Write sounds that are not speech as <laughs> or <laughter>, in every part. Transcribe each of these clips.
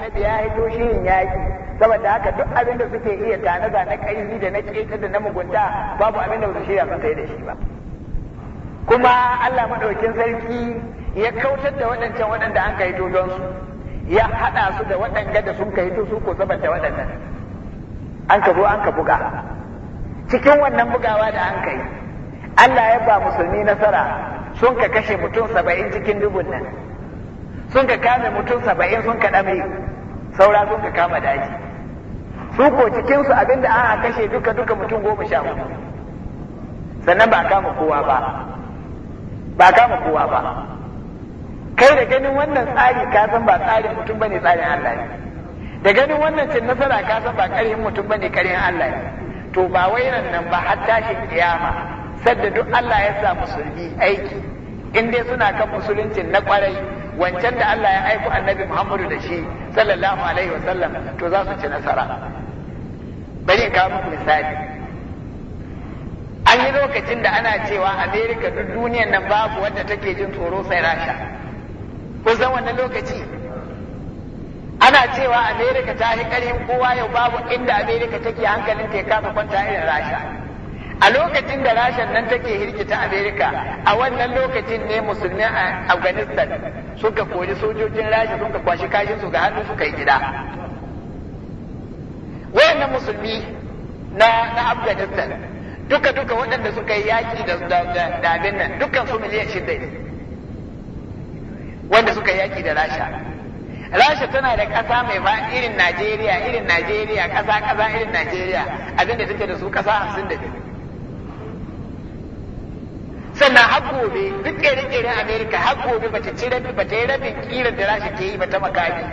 annabi ya hito shirin yaki saboda haka duk abin da suke iya tanada na ƙaizi da na ƙeta da na mugunta babu abin da ba su shirya sun kai da shi ba kuma Allah maɗaukin sarki ya kautar da waɗancan waɗanda an kai don su ya haɗa su da waɗanda da sun kai su ko saboda waɗannan an ka zo an ka buga cikin wannan bugawa da an kai Allah ya ba musulmi nasara sun ka kashe mutum saba'in cikin dubun nan sun ka kame mutum saba'in sun ka ɗame saura sun ka kama daji su ko cikinsu abinda an kashe duka duka mutum goma sha hudu sannan ba kama kowa ba ba kama kowa ba kai da ganin wannan tsari ka san ba tsarin mutum bane tsarin Allah ne da ganin wannan cin nasara ka san ba ƙarfin mutum bane ƙarfin Allah ne to ba wairan nan ba har tashin kiyama sadda duk Allah ya sa musulmi aiki in dai suna kan musuluncin na kwarai wancan da Allah ya aiko annabi Muhammadu da shi sallallahu alaihi wasallam to za su ci nasara bari ka muku misali an yi lokacin da ana cewa Amerika duk duniyar nan babu wadda take jin tsoro sai Rasha ko zan wannan lokaci ana cewa Amerika ta yi kowa yau babu inda Amerika take hankalin ta ya kasa kwanta irin Rasha a lokacin da rashin nan take hirgita amerika a wannan lokacin ne musulmi a afghanistan suka kori sojojin rasha suka kwashi kashin su ga hannu suka yi gida wayannan musulmi na, na afghanistan duka duka waɗanda suka yi yaƙi da abin nan dukkan su miliyan shida ne wanda suka yi yaƙi da rasha rasha tana da ƙasa mai ba irin najeriya irin najeriya ƙasa ƙasa irin najeriya abinda take da su ƙasa hamsin da biyu sannan har gobe duk ƙere ƙere amerika har gobe ba ta rabi ba ta yi rabin ƙirar da rashi ke yi ba ta makami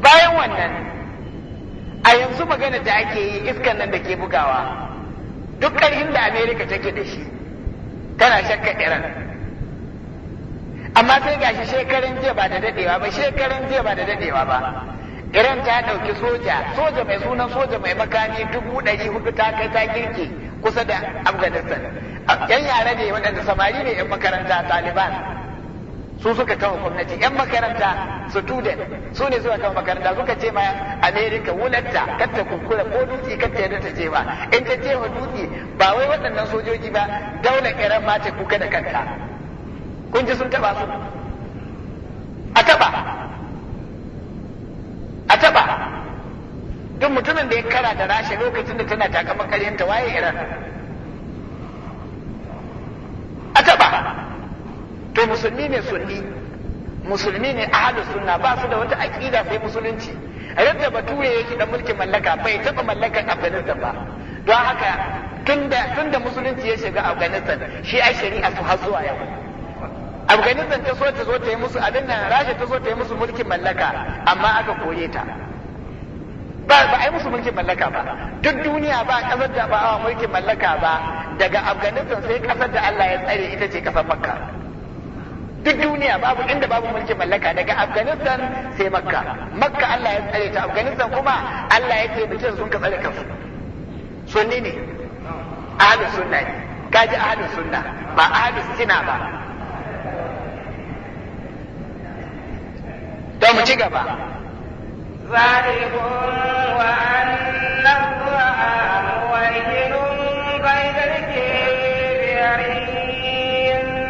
bayan wannan a yanzu magana da ake yi iskan nan da ke bugawa duk ƙarfin da amerika take da shi tana shakka iran amma sai gashi shekaran jiya ba da dadewa ba shekaran jiya ba da dadewa ba iran ta ɗauki soja soja mai sunan soja mai makami dubu ɗari hudu ta kai ta girke kusa da afghanistan yan yara ne waɗanda samari ne yan makaranta taliban su suka kawo gwamnati yan makaranta student su ne suka kawo makaranta suka ce ma Amerika wulatta kar ta kunkura ko dutse kar ta ta ce in ta ce wa dutse ba wai waɗannan sojoji ba daular iran ma ta kuka da kanta kun ji sun taba su a taba a taɓa duk mutumin da ya kara da rasha lokacin da tana takaman karyanta waye iran a taɓa to musulmi ne sunni musulmi ne ahalus sunna ba su da wata aƙida sai musulunci yadda bature yake da mulkin mallaka bai taɓa mallakar afghanistan ba don haka tunda musulunci ya shiga afganistan, shi ai shari'a su har zuwa yau afghanistan ta so ta zo ta yi musu a nan rasha ta so ta yi musu mulkin mallaka amma aka koye ta ba ba ai musu mulkin mallaka ba duk duniya ba kasar da ba a mulkin mallaka ba daga afghanistan sai kasar da Allah ya tsare ita ce kasar makka duk duniya babu inda babu mulkin mallaka daga afghanistan sai makka makka Allah ya tsare ta afghanistan kuma Allah ya taimake sun ka tsare kansu sunni ne ahlus sunna ne kaji ahlus sunna ba ahlus sina ba to mu ci gaba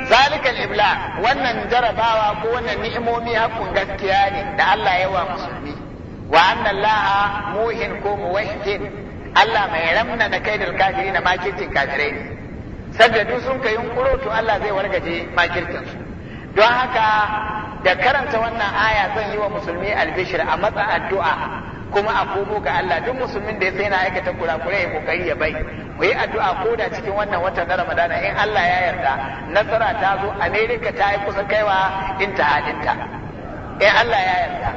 zalikal ibla wannan jarabawa ko wannan ni'imomi hakun gaskiya ne da Allah ya wa musulmi wa anna muhin ko muwahhin Allah mai ramna da kaidar kafiri na makircin kafirai ne sadda sun kai yunkuro to Allah zai wargaje makircin su don haka da karanta wannan aya zan yi wa musulmi albishir a matsa addu'a kuma a komo ga Allah duk musulmin da ya sai na aikata kurakurai ya kokari ya bai ku yi addu'a ko da cikin wannan wata na Ramadana in Allah ya yarda nasara ta zo America ta yi kusa kaiwa intihalinta in Allah ya yarda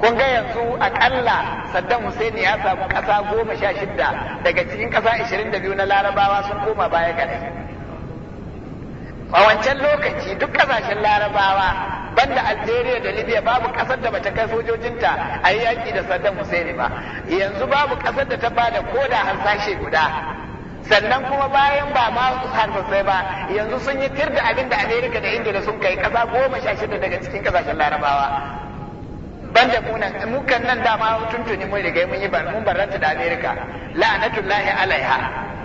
kun ga yanzu akalla Saddam Hussein ya samu kasa goma sha shida daga cikin kasa ishirin da biyu na Larabawa sun koma baya kaɗai a wancan lokaci duk kasashen larabawa banda algeria da libya babu kasar da bata kai sojojinta a yi yaƙi da saddam hussein ba yanzu babu kasar da ta bada koda sashe guda sannan kuma bayan ba ma sosai ba yanzu sun yi tir da abin da amerika da ingila sun kai kasa goma sha shida daga cikin kasashen larabawa banda munan mukan nan dama tuntuni mun riga mun yi mun barranta da amerika la'anatullahi alaiha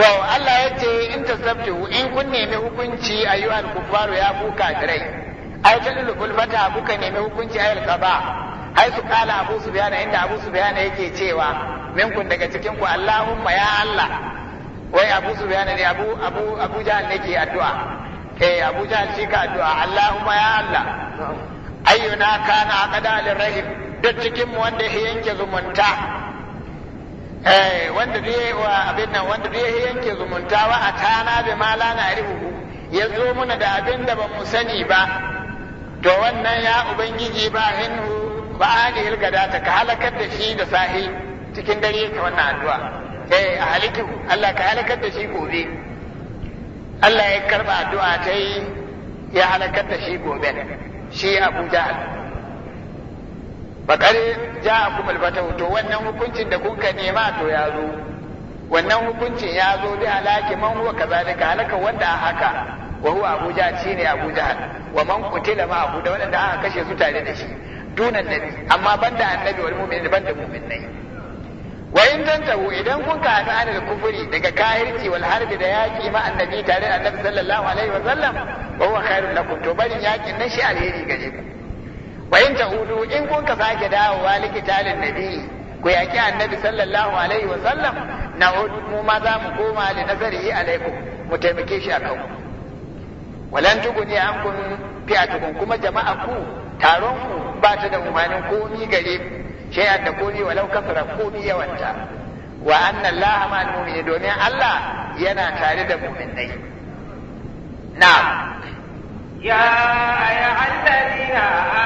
to Allah ya ce in ta tasabtu in kun nemi hukunci ayyuhal kufaru ya kuka kafirai ai ta lulul kulfata kuka nemi hukunci al qaba ai su kala Abu Sufyan inda Abu Sufyan yake cewa minkun daga cikin ku Allahumma ya Allah wai Abu Sufyan ne Abu Abu Abu Jahl nake addu'a eh Abu Jahl shi ka addu'a Allahumma ya Allah ayyuna kana aqda rahim, duk cikin mu wanda yake yanke zumunta Eh, wanda bai wa abin nan wanda bai yanke zumunta a tana bi ma la na ya zo muna da abin da ba mu sani ba to wannan ya ubangiji ba hinu ba alihil gada ta ka halakar da shi da sahi cikin dare ta wannan addu'a eh a halikin Allah ka halakar da shi gobe Allah ya karba addu'a ta yi ya halakar da shi gobe shi Abu Jahal faƙar ja kuma albata to wannan hukuncin da kun ka nema to ya zo wannan hukuncin ya zo da alaki man huwa kazalika halaka wanda a haka wa huwa abuja shi ne wa man kutila ma abu da wanda aka kashe su tare da shi dunan nabi amma banda annabi wal mu'min banda ne. wa in tantahu idan kun ka hada anil kufri daga kahirci wal harbi da yaki ma annabi tare da annabi sallallahu alaihi wa sallam wa huwa khairun lakum to barin yakin nan shi alheri gare ku wayin hudu, in kun ka sake dawowa likitalin nabi ku yaki annabi sallallahu alaihi wa sallam na mu ma za mu koma li nazari alaikum mu taimake shi a ku walan tuguni an kun fiyatukun kuma jama'a ku taron ku ba ta da umarnin komi gare ku shay'an da komi walau kasara komi yawanta wa anna ma'al mu'minin domin Allah yana tare da mu'minai na'am يا أيها الذين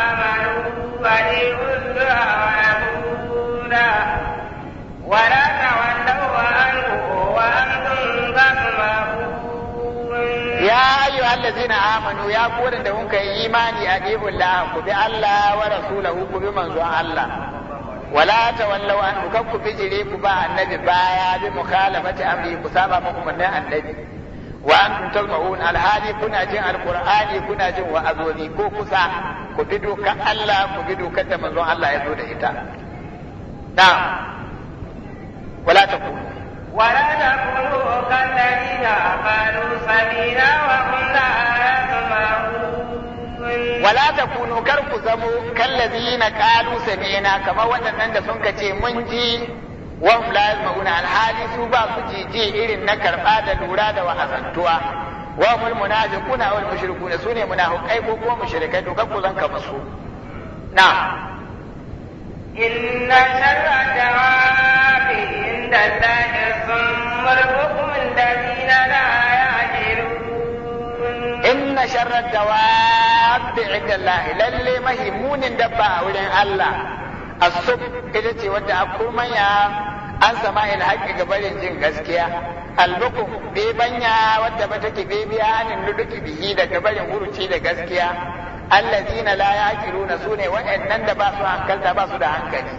آمنوا أطيعوا الله ورسوله ولا تولوا عنه وأنتم تسمعون يا أيها الذين آمنوا يا قول أن كن إيماني أطيعوا الله كبي الله ورسوله كبي منزوع الله ولا تولوا عنه كبي جريكم النبي بايا بمخالفة أمره كسابة مؤمنين النبي wa antum tasma'un alhali kuna jin alqur'ani kuna jin wa'azozi ko kusa ku bi dokar Allah ku bi dokar da manzon Allah ya da ita Na wala ولا تكونوا كالذين قالوا سمينا وهم لا ولا تكونوا كركزموا كالذين قالوا سمينا كما da sun kace mun ji wahum la yasma'una alhali su ba su jiji irin na karɓa da lura da wa'azantuwa wa hum munafiquna wal ne, sune hukai, ko kuma mushrikai to kakku zan ka musu na inna sharra dawabi inda allahi summul bukum alladhina la ya'qilun inna sharra dawabi inda allahi lalle mahimmunin dabba a wurin Allah asub ita ce wadda a kurmanya an sama il haƙƙi ga barin jin gaskiya albukum banya wadda ba take biya anin nuduki bihi da barin huruci da gaskiya allazina la yaqiluna sune waɗannan da ba su hankalta ba su da hankali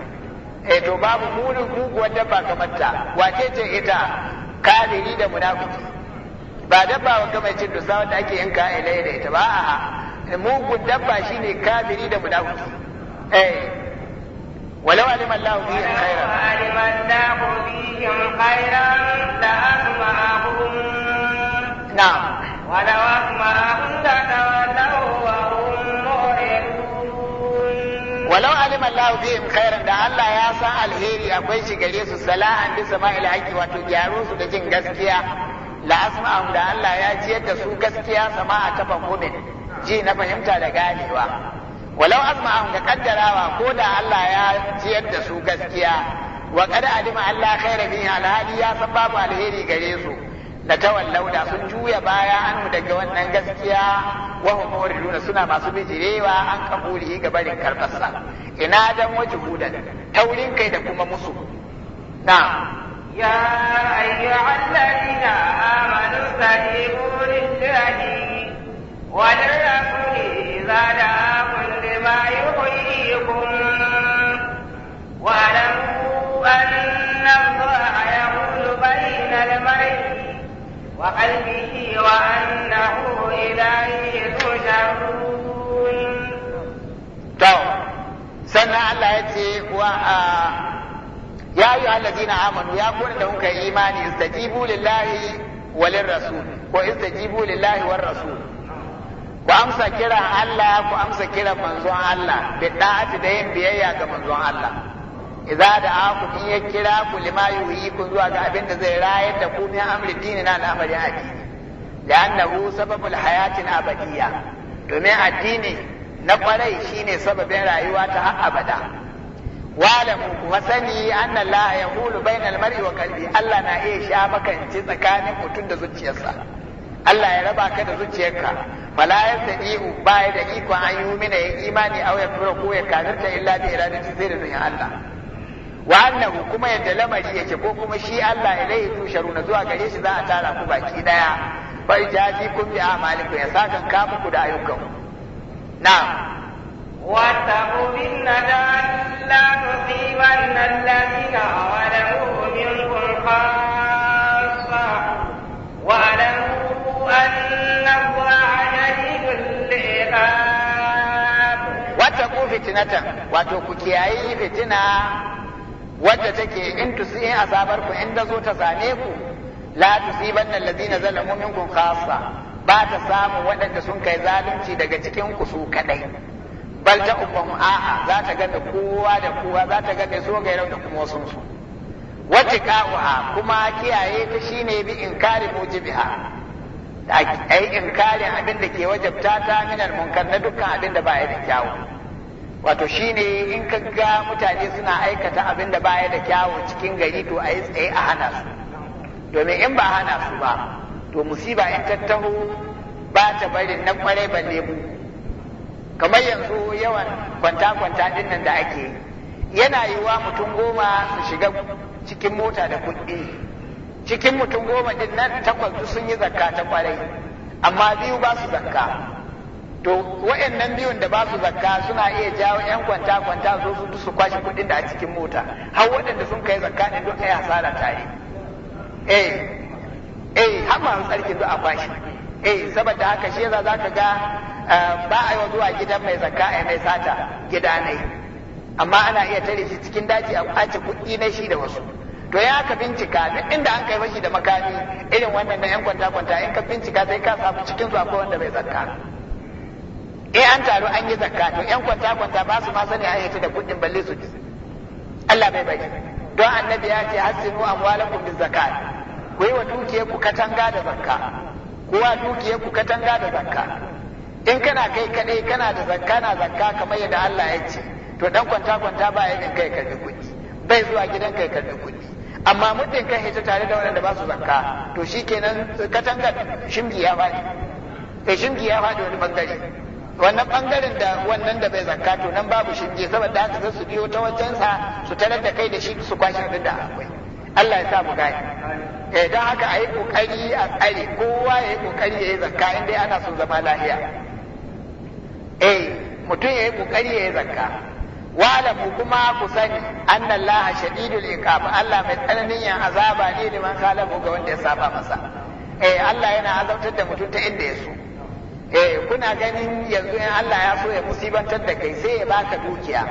eh to babu munin guguwar dabba kamar ta wace ce ita kafiri da munafiki ba dabba wanda mai cin dusa wanda ake yanka ilai da ita ba a'a mugun dabba shine kafiri da munafiki eh ولو علم الله فيهم خيرا علم الله فيهم خيرا لأسمعهم نعم ولو أسمعهم لتولوا وهم معرضون ولو علم الله فيهم خيرا da Allah ya san alheri akwai shi gare su sala'an bisa ma'il haƙi wato gyaro su da jin gaskiya la asma'ahum da Allah ya ciyar da su gaskiya sama'a ta fahimin ji na fahimta da ganewa walau azma'ahum ga kaddarawa ko da Allah ya ciyar da su gaskiya wa qad alima Allah khaira bihi alhadi ya san babu alheri gare su da tawallau da sun juya baya an daga wannan gaskiya wa hum muriduna suna masu bijirewa an kabuli ga barin karfasa ina dan wajhudan taurin kai da kuma musu na'am يا أيها الذين آمنوا استجيبوا إذا دعاكم لما يحييكم واعلموا أن الله يقول بين المرء وقلبه وأنه إليه تجرون sannan Allah ya ce wa ya yi allazina amanu ya kone da kuka imani istajibu lillahi walin ko istajibu lillahi ku amsa kiran Allah ku amsa kiran manzon Allah da da'ati da yin biyayya ga manzon Allah idza da'akum in ya kira ku lima yuhyikum zuwa ga abin da zai rayar da ku min amri dini na al'amarin addini li'annahu sababul hayatin abadiyya domin addini na kwarai shine sababin rayuwa ta har abada walamu kuma sani anna la yahulu bainal mar'i wa qalbi Allah na iya sha makanci tsakanin mutum da zuciyarsa Allah ya raba ka da zuciyarka fala ya ihu. baya da ikon an yi mina ya imani a ya fura ko ya kafirta illa bi iradati zai da zuciyar Allah wa annahu kuma yadda lamari yake ko kuma shi Allah ya ilaihi na zuwa gare shi za a tara ku baki daya fa jaji kun bi amalikum ya sakan ka muku da ayyukan na wa ta'budu fitinatan wato ku kiyaye fitina wadda take in tusi in asabar ku in zo ta same ku la tusiban lazina zalamu minkum khassa ba ta samu waɗanda sun kai zalunci daga cikin ku su kadai bal ta ubban a'a za ta ga da kowa da kowa za ta ga so gairau da kuma wasu su wacce ka'uha kuma kiyaye ta shine bi inkari mujibiha ai inkarin abin da ke wajabta ta minal munkar na dukkan abin da ba ya da kyawu wato shine in ka ga mutane suna aikata abin da baya da kyawu cikin gari to a yi tsaye a hana su domin in ba hana su ba to musiba in ta taho ba ta barin na kwarai balle mu kamar yanzu yawan kwanta-kwanta din nan da ake yi yana yiwa mutum goma su shiga cikin mota da kuɗi cikin mutum goma din nan takwas sun yi zakka ta kwarai amma biyu ba su zakka to wa'annan biyun da ba su zakka suna iya jawo yan kwanta kwanta zo su su kwashe kuɗin da a cikin mota har waɗanda sun kai zakka din duk ai asara ta yi eh eh har ma tsarkin duk a kwashe eh saboda haka shi yasa zaka ga eh, ba a yi zuwa gidan mai zakka ai mai sata gida ne amma ana iya tare shi cikin daji a kwace kuɗi na shi da wasu to ya ka bincika duk inda an kai fashi da makami irin wannan na yan kwanta kwanta in ka bincika sai ka samu cikin su akwai wanda bai zakka eh an taru an yi zakka to yan kwanta kwanta ba su ma sani an yace da kudin balle su ji Allah bai bai don annabi ya ce hasinu amwalakum bi zakat ku yi wa dukiyar ku katanga da zakka ku wa dukiyar ku katanga da zakka in kana kai kadai kana da zakka na zakka kamar yadda Allah ya ce to dan kwanta kwanta ba yin kai ka karbi kudi bai zuwa gidan kai ka karbi kudi amma muddin kai hita tare da wanda ba su zakka to shikenan katanga shimbi ya fadi eh shimbi ya fadi wani bangare wannan bangaren da wannan da bai zakka to nan babu shinge saboda haka sai su biyo ta wajen sa su tarar da kai da shi su kwashi abin da akwai Allah ya sa mu gani eh dan haka ayi kokari a tsare kowa yayi kokari yayi zakka inda ana son zama lahiya eh mutum yayi kokari yayi zakka Wala ku kuma ku sani annallaha shadidul iqab Allah mai tsananin yan azaba ne liman kalamu ga wanda ya saba masa eh Allah yana azabtar da mutum ta inda ya so eh kuna ganin yanzu in Allah ya so ya musibantar da kai sai ya baka dukiya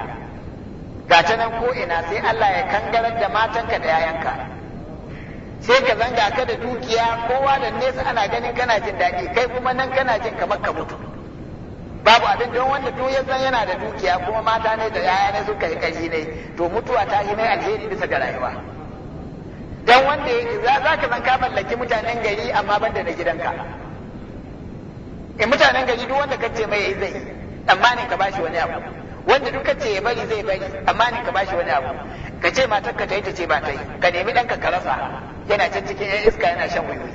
ga ta nan ko ina sai Allah ya kangarar da matanka da yayanka sai ka zanga ka da dukiya kowa da nesa ana ganin kana jin daɗi kai kuma nan kana jin kamar ka mutu babu abin don wanda to ya san yana da dukiya kuma mata ne da yaya ne suka yi kashi ne to mutuwa ta yi mai alheri bisa ga rayuwa dan wanda za ka zan ka mallaki mutanen gari amma banda na gidanka in eh, mutanen gari duk wanda kace mai zai amma ne ka bashi wani abu wanda duk kace ya bari zai bari amma ne ka bashi wani abu ka ce matar ka ta yi ta ce ba ta yi ka nemi dan ka rasa yana can cikin yan iska yana shan wuyoyi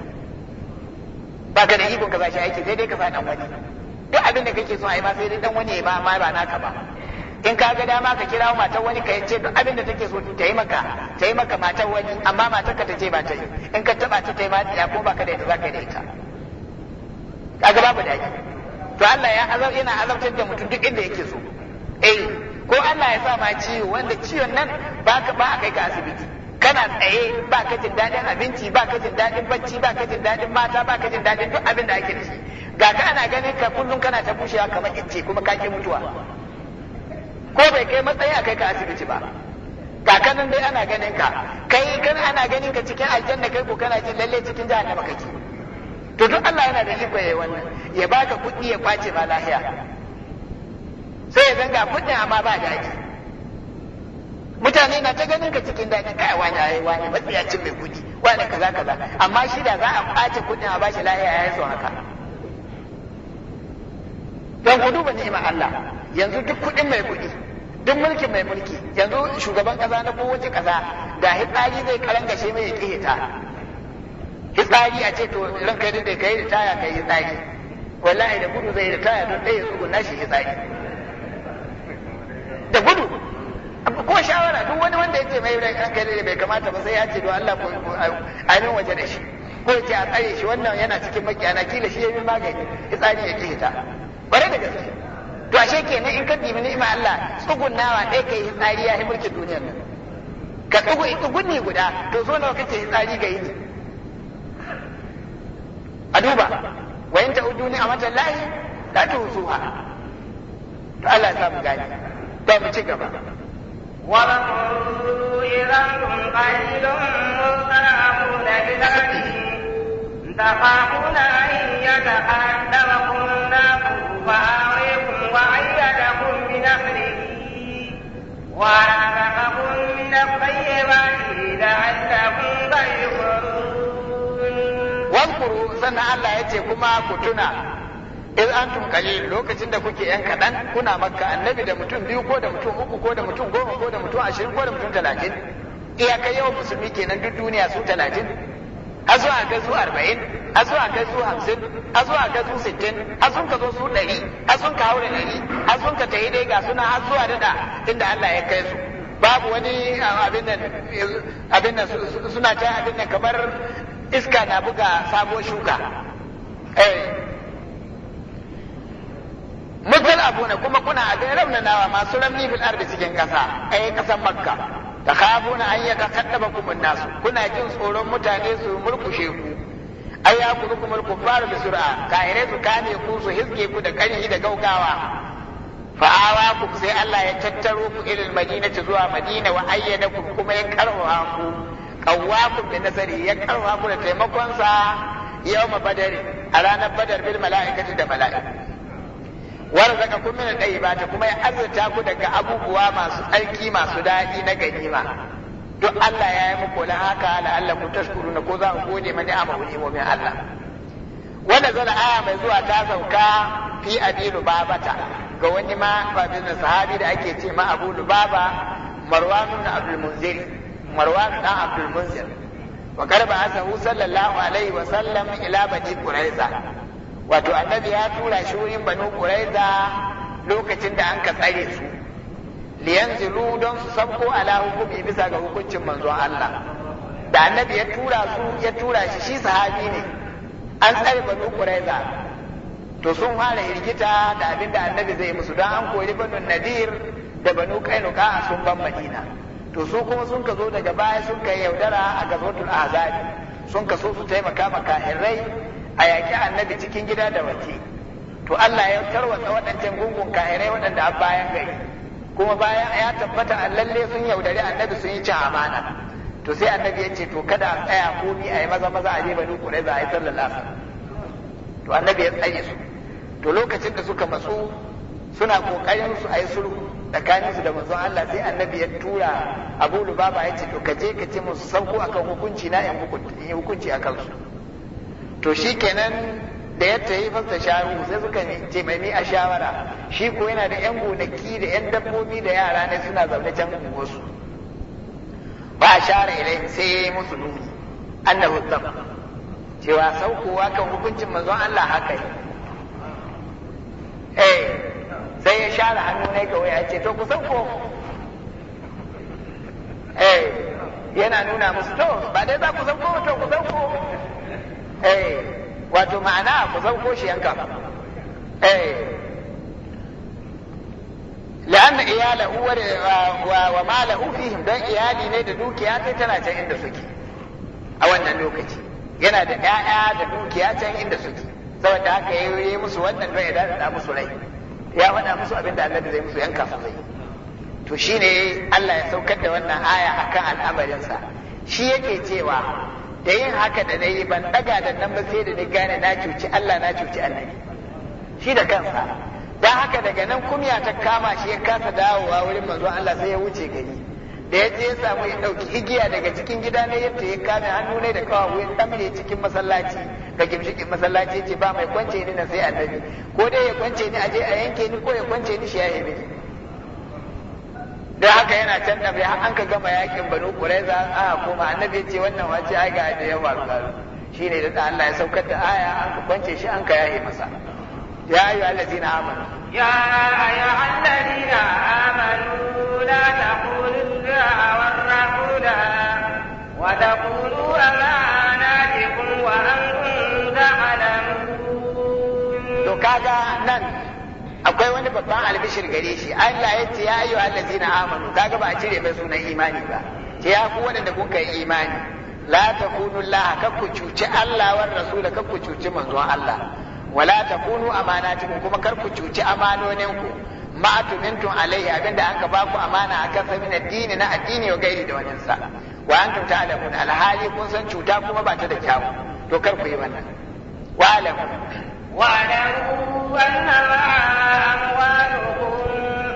ba ka da ikon ka bashi aiki sai dai ka faɗa wani duk abin da kake so a yi ma sai dai dan wani ya ba ma ba naka ba in ka ga dama ka kira matar wani ka ce duk abin da take so ta yi maka ta yi maka matar wani amma matar ka ta ce ba ta yi in ka taba ta ta yi ma ko ba ka da ita za ka da ita kaga babu daɗi to Allah ya azab yana azabtar da mutum duk inda yake so eh ko Allah ya sa ma ciwo wanda ciwon nan ba ka ba kai ka asibiti kana tsaye ba ka jin daɗin abinci ba ka jin daɗin bacci ba ka jin daɗin mata ba ka jin daɗin duk abin da ake da shi ga ka ana ganin ka kullun kana ta bushewa kamar ince kuma ka ke mutuwa ko bai kai matsayi a kai ka asibiti ba kakanin dai ana ganin ka kai kana ana ganin ka cikin aljanna kai ko kana jin lalle cikin jahannama kake to duk Allah yana da iko yayi wannan ya baka kuɗi ya kwace ba lahiya sai ya zanga kuɗin amma ba daɗi mutane na ta ganin ka cikin daɗi kai wani ai wani matsiyacin mai kuɗi wani kaza kaza amma shi da za a kwace kuɗin a bashi lahiya ya so haka don ku duba ni'imar Allah yanzu duk kuɗin mai kuɗi duk mulkin mai mulki yanzu shugaban kaza na kowace kaza da hitsari zai shi mai ya ƙihita fitsari a ce to ranka yi da kai ritaya kai tsari wallahi da gudu zai ritaya don ɗaya tsugun nashi tsari. da gudu ko shawara duk wani wanda yake mai ranka yi bai kamata ba sai ya ce don Allah ko ainihin waje da shi ko ya ce a tsare shi wannan yana cikin makiyana kila shi ya yi magani fitsari ya ke hita bare da gaske to ashe kenan in ka dimi ni'ima Allah tsugunnawa ɗaya kai yi tsari ya yi mulkin duniyar nan ka tsugu guda to zo nawa kake tsari ga yini a duba wa in ta'udu ni'matan lahi la tuhsuha to Allah ya mu gani to mu ci gaba wa raqulu ilayhim qalilun mutaqabuna bidabi tafaquna yataqaddamukum nafu fa'arikum wa ayyadakum binasrihi wa razaqakum min at wankuru sannan Allah ya ce kuma ku tuna in an qalil lokacin da kuke yan kaɗan kuna makka annabi da mutum biyu ko da mutum uku ko da mutum goma ko da mutum ashirin ko da mutum talatin iyakai yawan musulmi kenan duk duniya su talatin a zuwa ga su arba'in a zuwa ga su hamsin a zuwa ga su sittin a sun ka zo su ɗari a sun ka haura ɗari a sun ka tayi dai ga suna har zuwa daɗa inda Allah ya kai su babu wani abin nan suna ta abin nan kamar iska na buga sabo shuka eh mutal abu ne kuma kuna abin raunanawa masu ramni fil ardi cikin kasa eh kasan makka ta khafuna an yaka kaddaba kumun nasu kuna jin tsoron mutane su murkushe ku ai ya ku kuma kuffaru bi sur'a kaire su kame ku su hiske ku da kanyi da gaugawa fa awa ku sai Allah ya tattaro ku ilal madinati zuwa madina wa ayyadakum kuma ya karwa ku qawwakum bi nasari ya karwa mu da taimakon sa yawma badar a ranar badar bil mala'ikati da mala'iku warzaka kun min ta kuma ya azurta ku daga abubuwa masu tsarki masu daɗi na ganima duk Allah ya yi muku la haka la'alla ku tashkuruna ko za ku gode mani a min Allah wanda zana aya mai zuwa ta sauka fi abi babata ga wani ma babin sahabi da ake ce ma abu lubaba marwanun abul munziri marwan dan abdul munzir wa karba asahu sallallahu alaihi wa sallam ila bani wato annabi ya tura shi wurin bani quraiza lokacin da an ka tsare su liyanzilu don su sabko ala hukumi bisa ga hukuncin manzon Allah da annabi ya tura su ya tura shi shi sahabi ne an tsare banu quraiza to sun fara hirgita da abinda annabi zai musu don an kori banu nadir da banu kainuka a sun ban madina to su kuma sun ka zo daga baya sun ka yaudara a gabatul azabi sun ka so su taimaka ma kahirai a yaƙi annabi cikin gida da wace. to Allah ya tarwata waɗancan gungun kahirai waɗanda a bayan gari kuma bayan ya tabbata a lalle sun yaudari annabi sun yi cin amana to sai annabi ya ce to kada a tsaya komi a yi maza maza a je bani kurai za a yi sallar to annabi ya tsaye su to lokacin da suka matsu suna ƙoƙarin su a yi sulhu tsakanin su da manzon Allah sai annabi ya tura Abu Lubaba ya ce to ka je ka ce musu sauko akan hukunci na in hukunci akan su to shikenan da ya tayi fasta sharu sai suka ce mai ni a shawara shi ko yana da yan gonaki da yan dabbobi da yara ne suna zaune can wasu ba a share ilai sai ya yi musu nuni annahu tsam cewa saukowa kan hukuncin manzon Allah haka ne eh sai ya share hannu ne kawai ya ce to ku sauko eh yana nuna musu to ba dai za ku sauko to ku sauko eh wato ma'ana ku sauko shi yanka eh la'anna iyalahu wa wa malahu fihim dan iyali ne da dukiya kai tana can inda suke a wannan lokaci yana da 'ya'ya da dukiya can inda suke saboda haka yayi musu wannan don ya dada musu rai ya faɗa musu abin da Allah zai musu yanka su zai to shine Allah ya saukar da wannan aya akan al'amarinsa shi yake cewa da yin haka da nayi ban daga da nan ba sai da ni gane na cuci Allah na cuci annabi shi da kansa dan haka daga nan kumya ta kama shi ya kasa dawowa wurin manzo Allah sai ya wuce gari da ya je ya samu ya ɗauki higiya daga cikin gida ne yadda ya kame hannu ne da kawo ya tsamle cikin masallaci ga gimshikin masallaci ce ba mai kwance ni na sai annabi ko dai ya kwance ni aje a yanke ni ko ya kwance ni shi ya yi hebe da haka yana can da har an ka gama yakin banu quraiza a koma annabi ya ce wannan wace ai ga da yawa shine da Allah ya saukar da aya an ka kwance shi an ka yaye masa يا أيها الذين آمنوا يا أيها الذين آمنوا لا تقولوا الله والرسول وتقولوا أماناتكم وأنتم تعلمون to kaga nan akwai wani babban albishir gare shi Allah ya ce ya ayu allazina amanu kaga ba a cire mai sunan imani ba ce ya ku wanda kuka yi imani la takunu laha kakku cuci Allah war rasul kakku cuci manzon Allah wala ta takunu amanatikum kuma kar ku cuci amanoninku ma atumintun alaihi abinda an ka ba ku amana akan sa min addini na addini wa gairi da wani sa wa antum ta'lamun alhali kun san cuta kuma ba ta da kyawu to kar ku yi wannan wa alamu wa alamu anna amwalukum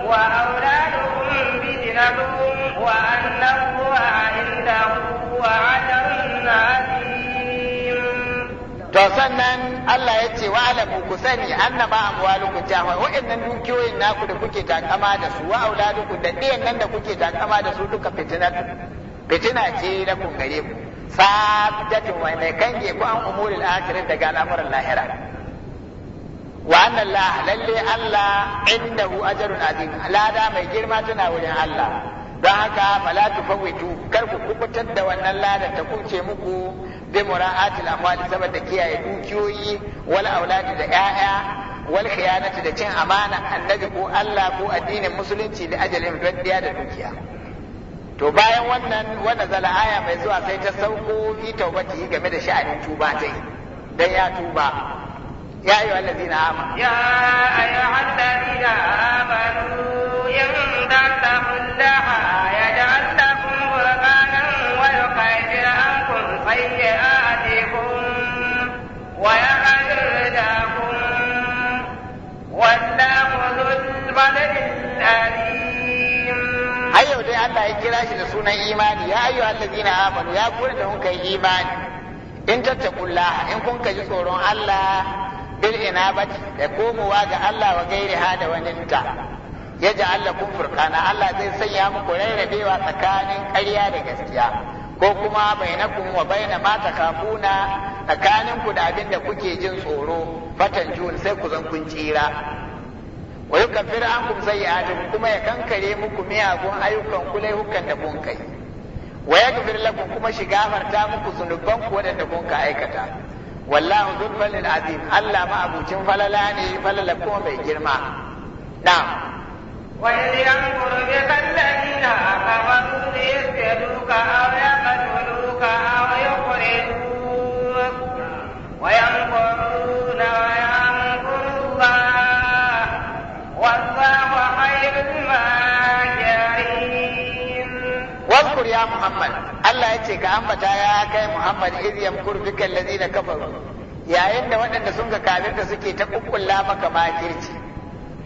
wa auladukum bidinakum wa anna huwa indahu wa ala an to sannan Allah ya ce wa'alamu ku sani annaba amwalukum wa wa'annan dukiyoyin naku da kuke takama da su wa auladukum da ɗiyan nan da kuke takama da su duka fitina fitina ce na kun gare ku sabitatun wa mai kange ku an umuril akhirin daga al'amuran lahira wa anna lalle Allah indahu ajrun azim lada mai girma tana wurin Allah don haka Falatu tufawitu kar ku kubutar da wannan ladan ta kuce muku bi mura'atil amwali saboda kiyaye dukiyoyi wal auladi da 'ya'ya wal khiyanati da cin amana annabi ko Allah ko addinin musulunci da ajalin raddiya da dukiya to bayan wannan wanda zala aya mai zuwa sai ta sauko fi taubati game da sha'anin tuba dai dan ya tuba يا أيها الذين آمنوا يا أيها الذين آمنوا إن تتقوا الله يجعل لكم غربانا ويخرج عنكم سيئاتكم ويهدركم والله ذو البلد Ai, yau dai Allah ya kira shi da sunan imani, ya ayyuhu allazina amanu ya kuri da kun kai imani, in tattakun laha, in kun kaji tsoron Allah, bil inabati da komowa ga Allah wa gairi ha da wani ta ya ji Allah kun furkana Allah zai sanya muku rarrabewa tsakanin ƙarya da gaskiya ko kuma bainakum wa baina ma takafuna tsakanin ku da abin da kuke jin tsoro fatan jun sai ku zan kun tsira wa yukaffiru ankum sayyi'atikum kuma ya kankare muku miyagun ayyukan ku laihukan da kun kai wa yaghfir lakum kuma shi gafarta muku zunubanku wadanda waɗanda kun ka aikata wallahu dhul falil azim Allah ma abucin falala ne falala ko mai girma na'am wa in yamkuru bika alladhina kafaru liyasduka aw yaqtuluka aw yukhrijuk wa yamkuruna wa yamkuru Allah wallahu khayrul makirin واذكر يا محمد Allah ya ce ka ambata ya kai Muhammad iz yamkur bika allazina kafaru yayin da waɗanda sun ga da suke ta kukkulla maka makirci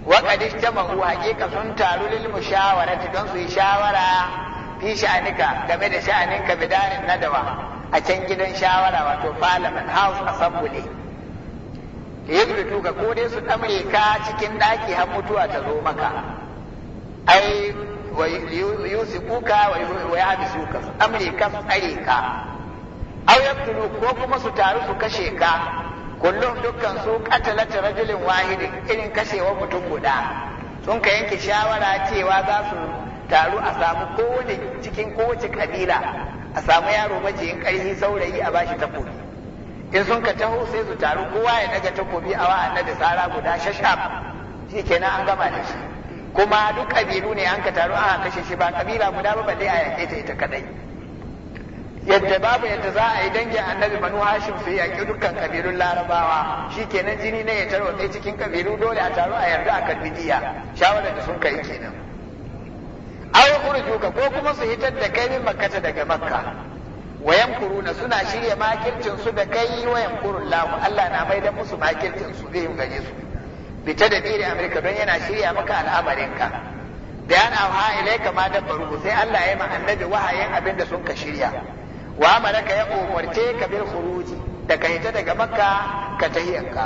wa qad ijtama'u haqiqa sun taru lil mushawarati don su yi shawara fi sha'anika game da sha'aninka bidarin nadawa a can gidan shawara wato parliament house assembly yadda tuka ko dai su ɗamre ka cikin ɗaki har mutuwa ta zo maka ai ويوثقوك ويعبسوك ko kuma su taru su kashe ka? kullum dukkan su katalata rajulin wahidin irin kashewa mutum guda sun ka yanke shawara cewa za su taru a samu kowane cikin kowace kabila a samu yaro maciyin karhi saurayi a bashi takobi in sun ka taho sai su taru kowa ya daga takobi a wa'annan da tsara guda shashab shi kenan an gama da shi kuma duk kabilu ne an ka taru an kashe shi ba kabila guda ba balle a yake ta ita kadai yadda babu yadda za a yi dangin annabi banu hashim su yaƙi dukkan kabilun larabawa shi kenan jini ne ya tarwatse cikin kabilu dole a taru a yarda a karbi diya shawarar da sun kai kenan aw ka ko kuma su hitar da kai min makkata daga makka wayan kuruna suna shirya makircin su da kai wayan kurullahu Allah na maida musu makircin su zai gane su bita da biri amurka don yana shirya maka al'amarinka bayan auha ilaika ma dabbaru sai Allah ya yi annabi wahayin abin da sun ka shirya wa malaka ya umarce ka bil khuruji da ka hita daga makka ka tahiyanka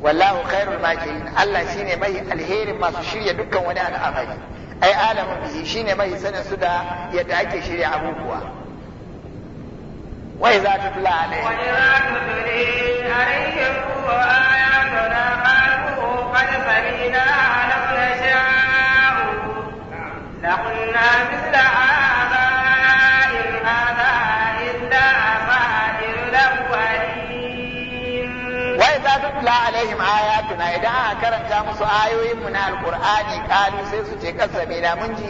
wallahu khairul makirin Allah shine mai alherin masu shirya dukkan wani al'amari ai alamin bihi shine mai sanin su da yadda ake shirya abubuwa wa idza tutla alayhi wa idza tutla alayhi ayatuna قد فرينا لو نشاء لقلنا مثل آبائهم هذا إلا أساطير الأولين وإذا تتلى عليهم آياتنا إذا كرمت musu ayoyinmu na alkur'ani kalu sai su ce kasa mai da mun ji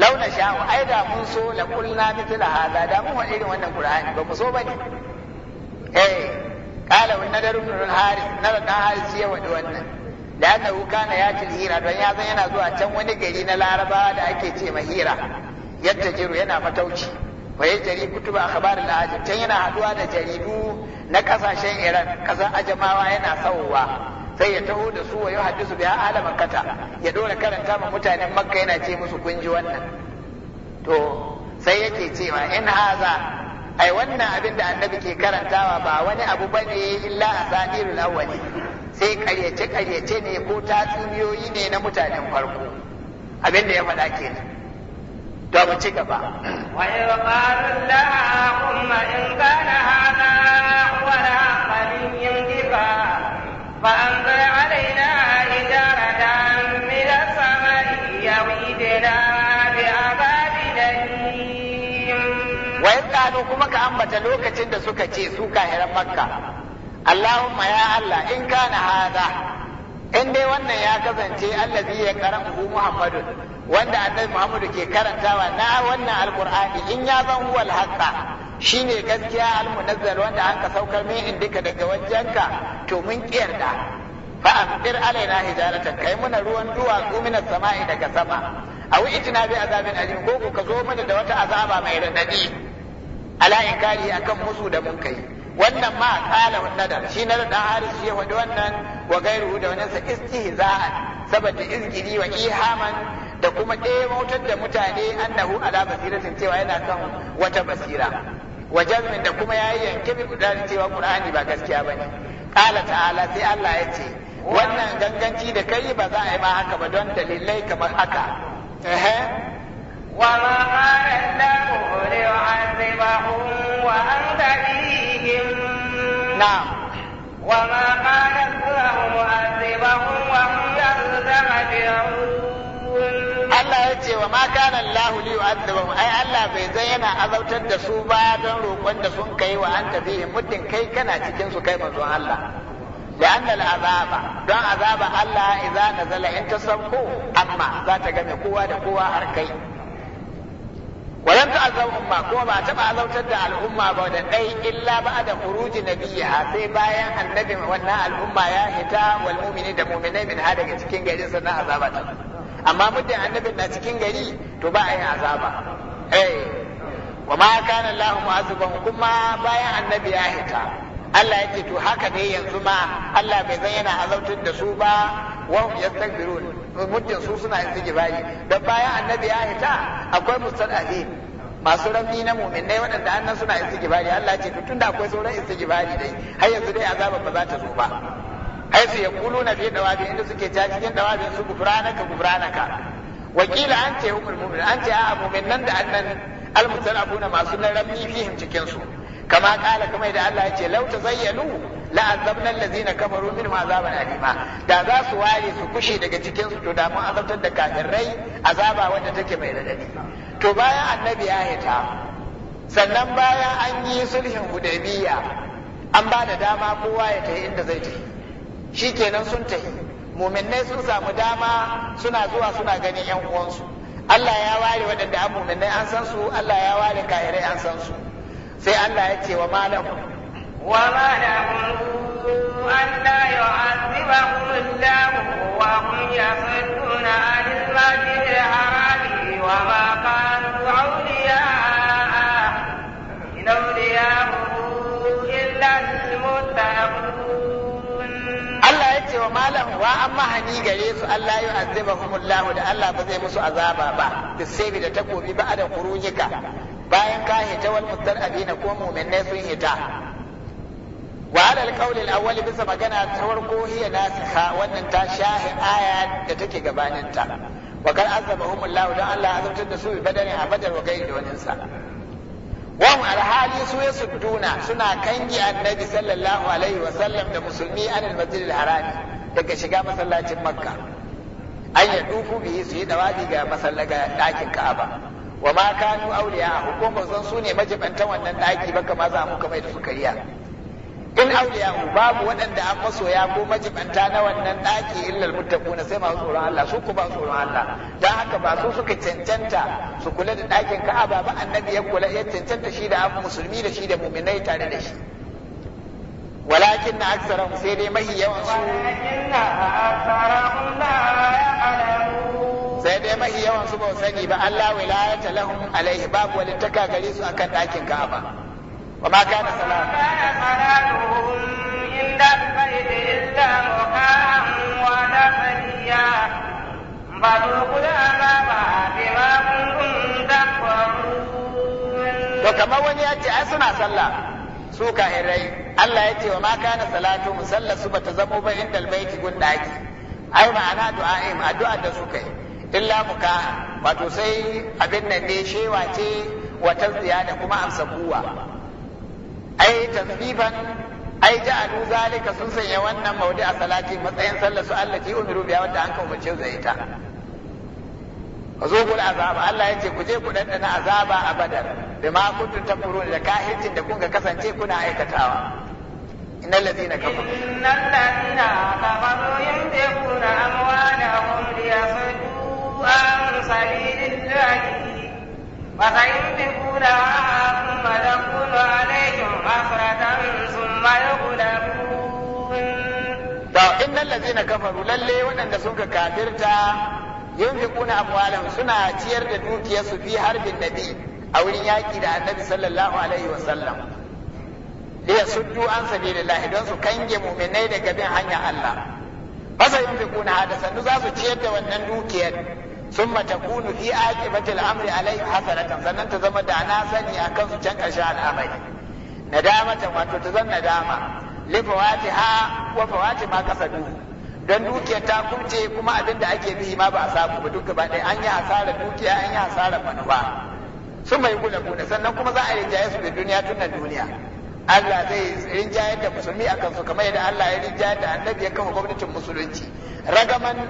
launa sha'u ai da mun so la kulna mithla hada da mun wa irin wannan qur'ani ba ku so bane eh kala wani nadar ibn haris nadar dan haris ya wannan da haka wuka na ya cin hira don ya yana zuwa can wani gari na larabawa da ake ce ma hira yadda jiru yana matauci waye jari kutuba akhbar al can yana haɗuwa da jaridu na ƙasashen iran kasar ajamawa yana sawowa sai ya taho da su wa yi hadisu biya ala makkata ya dora karanta ma mutanen makka yana ce musu kun wannan to sai yake cewa in haza ai wannan abin da annabi ke karantawa ba wani abu bane illa asadirul awwali sai karyace karyace ne ko tatsuniyoyi ne na mutanen farko abin da ya faɗa kenan to mu ci gaba wa in qala allahumma in kana hada wa la qalin difa fa anzal alaina hijaratan min as-sama'i yawidna kano kuma ka ambata lokacin da suka ce su kahiran makka allahumma ya allah in kana hada in dai wannan ya kasance allazi ya karamu Muhammadu, wanda annabi muhammadu ke karantawa na wannan alqur'ani in ya zan uwalhaka, alhaqa shine gaskiya almunazzal wanda an ka saukar min indika daga wajenka to mun kiyarda fa amir alaina hijaratan kai muna ruwan duwatsu mina sama'i daga sama a wi itina bi azabin alim ko ku ka zo mana da wata azaba mai radadi ala inkari akan musu da mun kai wannan ma kala nadar shi na da haris ya wadi wannan wa gairu da wannan sa istihza'an sabata izgiri wa ihaman da kuma ɗaya da mutane annahu ala basiratin cewa yana kan wata basira wa jazmin da kuma yayi yanke bi kudari cewa qur'ani ba gaskiya bane kala ta'ala sai Allah ya ce wannan ganganci da kai ba za a yi ba haka ba don dalilai kamar haka وما كان الله ليعذبهم وأنت فيهم نعم وما كان الله معذبهم وهم يستغفرون Allah ya ce wa ma kana Allah li ai Allah bai zai yana azautar da su ba don roƙon da sun kai wa anta bihi muddin kai kana cikin su kai manzon Allah لأن العذاب دون عذاب in إذا نزل أنت سبقوا أما kowa da قوة har kai walam ta azab umma kuma ba a taba azautar da al'umma ba da dai illa ba da khuruji nabiyya sai bayan annabin wannan al'umma ya hita wal mu'mini da mu'minai min ha daga cikin garin sannan azaba ta amma muddin annabin na cikin gari to ba a yin azaba eh wa ma kana Allah mu'azzibahum kuma bayan annabi ya hita Allah yake to haka ne yanzu ma Allah bai zan yana azautar da su ba wahum hum yastaghfirun muddin su suna istighfari da bayan annabi ya hita akwai mustadahi masu rami na mu'minai waɗanda annan suna istighfari Allah ce to tunda akwai sauran istighfari dai har yanzu dai azaba ba za ta zo ba ai su yaquluna fi dawabi inda suke ta cikin dawabi su gufranaka gufranaka wakila an ce umul mu'min an ce a mu'minan da annan almutalafuna masu rami fihim cikin su kama kala kamar da Allah ya ce lau zayyalu? azabna allazina kafaru min azaban alima da za su ware su kushe daga cikin su to da mun azabtar da kafirai azaba wanda take mai radadi to bayan annabi ya hita sannan bayan an yi sulhin hudaybiya an ba da dama kowa ya tafi inda zai tafi kenan sun tafi muminnai sun samu dama suna zuwa suna ganin yan uwansu Allah ya ware waɗanda an muminnai an san su Allah ya ware kafirai an san su sai Allah ya ce wa malam. وما لهم ألا يعذبهم الله وهم يصدون عن gare su Allah ya azabahum Allah da Allah ba zai musu azaba ba bisabi da takobi ba da kurujika bayan ka hita wal muttar abina ko muminnai sun hita wa ala alqawli alawwali bisa magana ta farko hiya nasiha wannan ta shahi aya da take gabanin ta wa kar azabahum Allahu dan Allah azabtar da su bi badani a badar wa gairi da wannan sa wa hum alhali su yasudduna suna kangi annabi sallallahu alaihi wa sallam da musulmi an almasjid alharami daga shiga masallacin makka an ya dufu bihi su yi dawabi ga masallaga ɗakin ka'aba wa ma kanu awliya hukumar zan su ne majibantan wannan daki ba kama za mu kamar da su kariya in auliya babu waɗanda an masoya ko majibanta na wannan ɗaki illal muttaquna sai ma tsoron Allah su ku ba tsoron Allah dan haka ba su suka cancanta su kula da ɗakin Ka'aba ba annabi ya kula ya cancanta shi da abu musulmi da shi da mu'minai tare da shi walakin na sai dai mahi yawan su sai dai mahi yawan su ba sani ba Allah wilayata lahum alaihi babu walitaka gare su akan ɗakin Ka'aba وما كان سلام إلا البيت إلا مكاء ونفليا فذوقوا العذاب بما su kahirai Allah ya ce wa ma kana salatu su bata zamo ba inda albayti gun daki ai ma'ana du'a'im addu'a da su kai illa muka wato sai abin nan ne shewa ce wata ziyada kuma amsa kuwa ai tasbiban ai ja ja'alu zalika sun sanya wannan Maudu a salati matsayin sallar su allati umiru biya wanda an umarce su ita zugul azaba Allah yace ku je ku dandana azaba a badar da bima kuntum takfurun da kahircin da kun ga kasance kuna aikatawa innal ladina kafaru innal ladina kafaru yunfiquna amwalahum liyasuddu an sabilillahi فسيمسكونها ثم تكون عليهم حسرة ثم يغلبون da innal ladzina kafaru lalle waɗanda suka kafirta yunfiquna amwalahum suna ciyar da dukiyarsu fi harbin nabi a wurin yaƙi da annabi sallallahu alaihi wa sallam liya suddu an sabilillah don su kange mu'minai daga bin hanyar Allah fasa yunfiquna da sannu za su ciyar da wannan dukiyar ثم تكون في عاقبة الأمر amri حسنة hasanatan sannan ta zama da na sani akan su can karshe لفواتها وفوات ما ta zama nadama ma dan dukiya ta kunce kuma abin da ake bihi ma ba a samu ba duk ba ɗaya an yi hasara dukiya an yi hasara manufa sun mai gula gula sannan kuma za a rinjaye su da duniya tun na duniya Allah zai rinjayar da musulmi a kansu kamar yadda Allah ya rinjayar da annabi ya kafa gwamnatin musulunci ragaman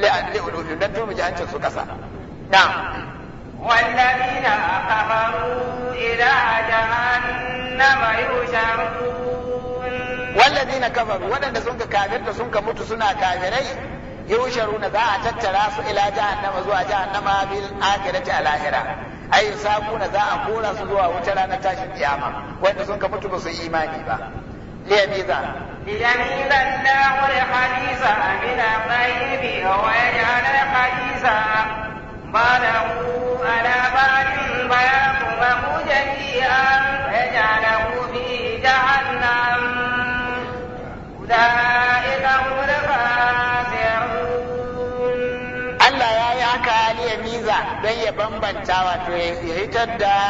li'ulubi don turmuji hancin su na والذين كفروا إلى جهنم يحشرون والذين كفروا ولن سنك كافر سنك موت سنة كافرين يوشرون ذا تتراس إلى جهنم زوا جهنم بالآخرة الآخرة ai za a kora su zuwa wuta rana tashin iyama, wanda sun ka mutu ba su imani ba ليميز الله الحديث من الغيب ويجعل الحديث بعده على بعد فيحكمه جميعا فيجعله في جهنم أولئك هم الخاسرون. الله يا يا كالي ميزة بين بمبن تاوى يهتدى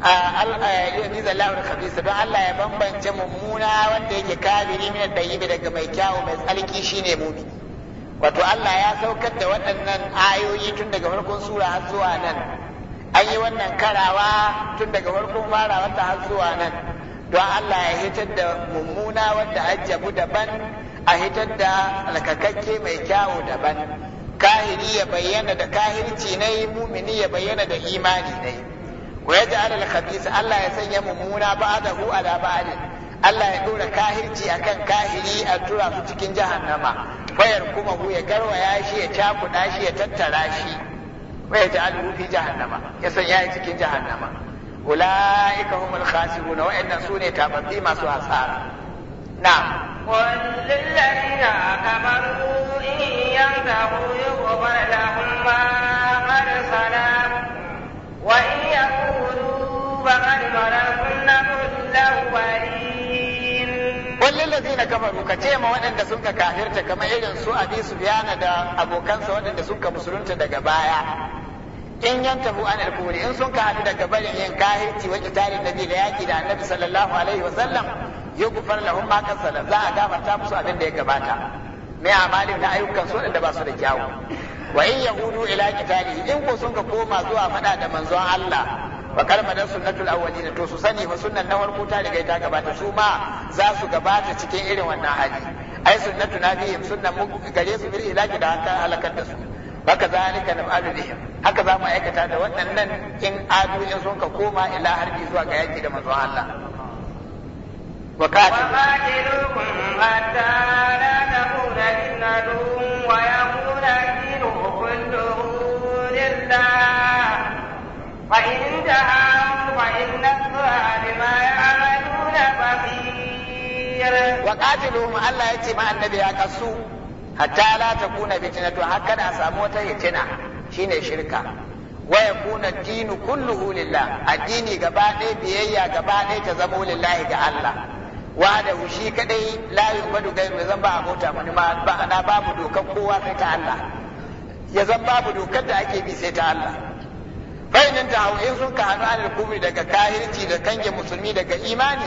yumiza lahul khabisa don Allah ya bambance mummuna wanda yake kafiri min dayyibi daga mai kyawu mai tsarki shine mumi wato Allah ya saukar da waɗannan ayoyi tun daga farkon sura har zuwa nan an yi wannan karawa tun daga farkon fara wata har zuwa nan don Allah ya hitar da mummuna wanda ajabu daban a hitar da alkakakke mai kyawu daban kahiri ya bayyana da kahirci ne mumini ya bayyana da imani ne wa ji ja'ala al-khabith Allah ya sanya mummuna ba'dahu ala ba'din Allah ya dora kahirci akan kahiri a tura su cikin jahannama wayar kuma hu ya garwaya shi ya cakuɗa shi ya tattara shi waya ji ja'alu fi jahannama ya sanya shi cikin jahannama ulaika humul khasirun wa inna sune tababbi masu hasara na'am والذين كفروا إن ينتهوا يغفر لهم ما قد سلام وإن Kullum ظلمنا الله kafaru ka ce ma waɗanda sun ka kafirta kamar irin su abi sufyana da abokansa waɗanda sun ka musulunta daga baya in yantahu an alkufri in sun ka haɗu daga barin yin kahirci wa kitalin nabi da yaki da annabi sallallahu alaihi wa sallam yughfar lahum ma kasala za a gafarta musu abin da ya gabata mai amalin na ayyukan su waɗanda ba su da kyawu wa in yahudu ila kitali in ko sun ka koma zuwa faɗa da manzon Allah wa kalmadar sunnatul awwalin to su sani fa sunnan na farko ta riga ta gabata su ma za su gabata cikin irin wannan hali ai sunnatu nabihim sunnan mu gare su bil ilahi da haka halakar da su baka zalika nab'alu bihim haka za mu aikata da waɗannan in adu in sun ka koma ila harbi zuwa ga yaki da manzon Allah wa qatilukum hatta la takuna fitnatun wa yakuna dinukum lillah فإن انتهوا فإن الله بما يعملون خبير وقاتلهم الله يتبع النبي يكسو حتى لا تكون فتنة هكذا ساموتا يتنا شين شركة ويكون الدين كله لله الدين قبالي بيئة قبالي تزمو لله كالله وهذا shi kadai la yubadu gairu zan ba abota mani ba ana babu dokar kowa sai ta Allah ya zan babu dokar da ake bi sai ta Allah bayanin da in sun ka hannu anil kubri daga kahirci da kange musulmi daga imani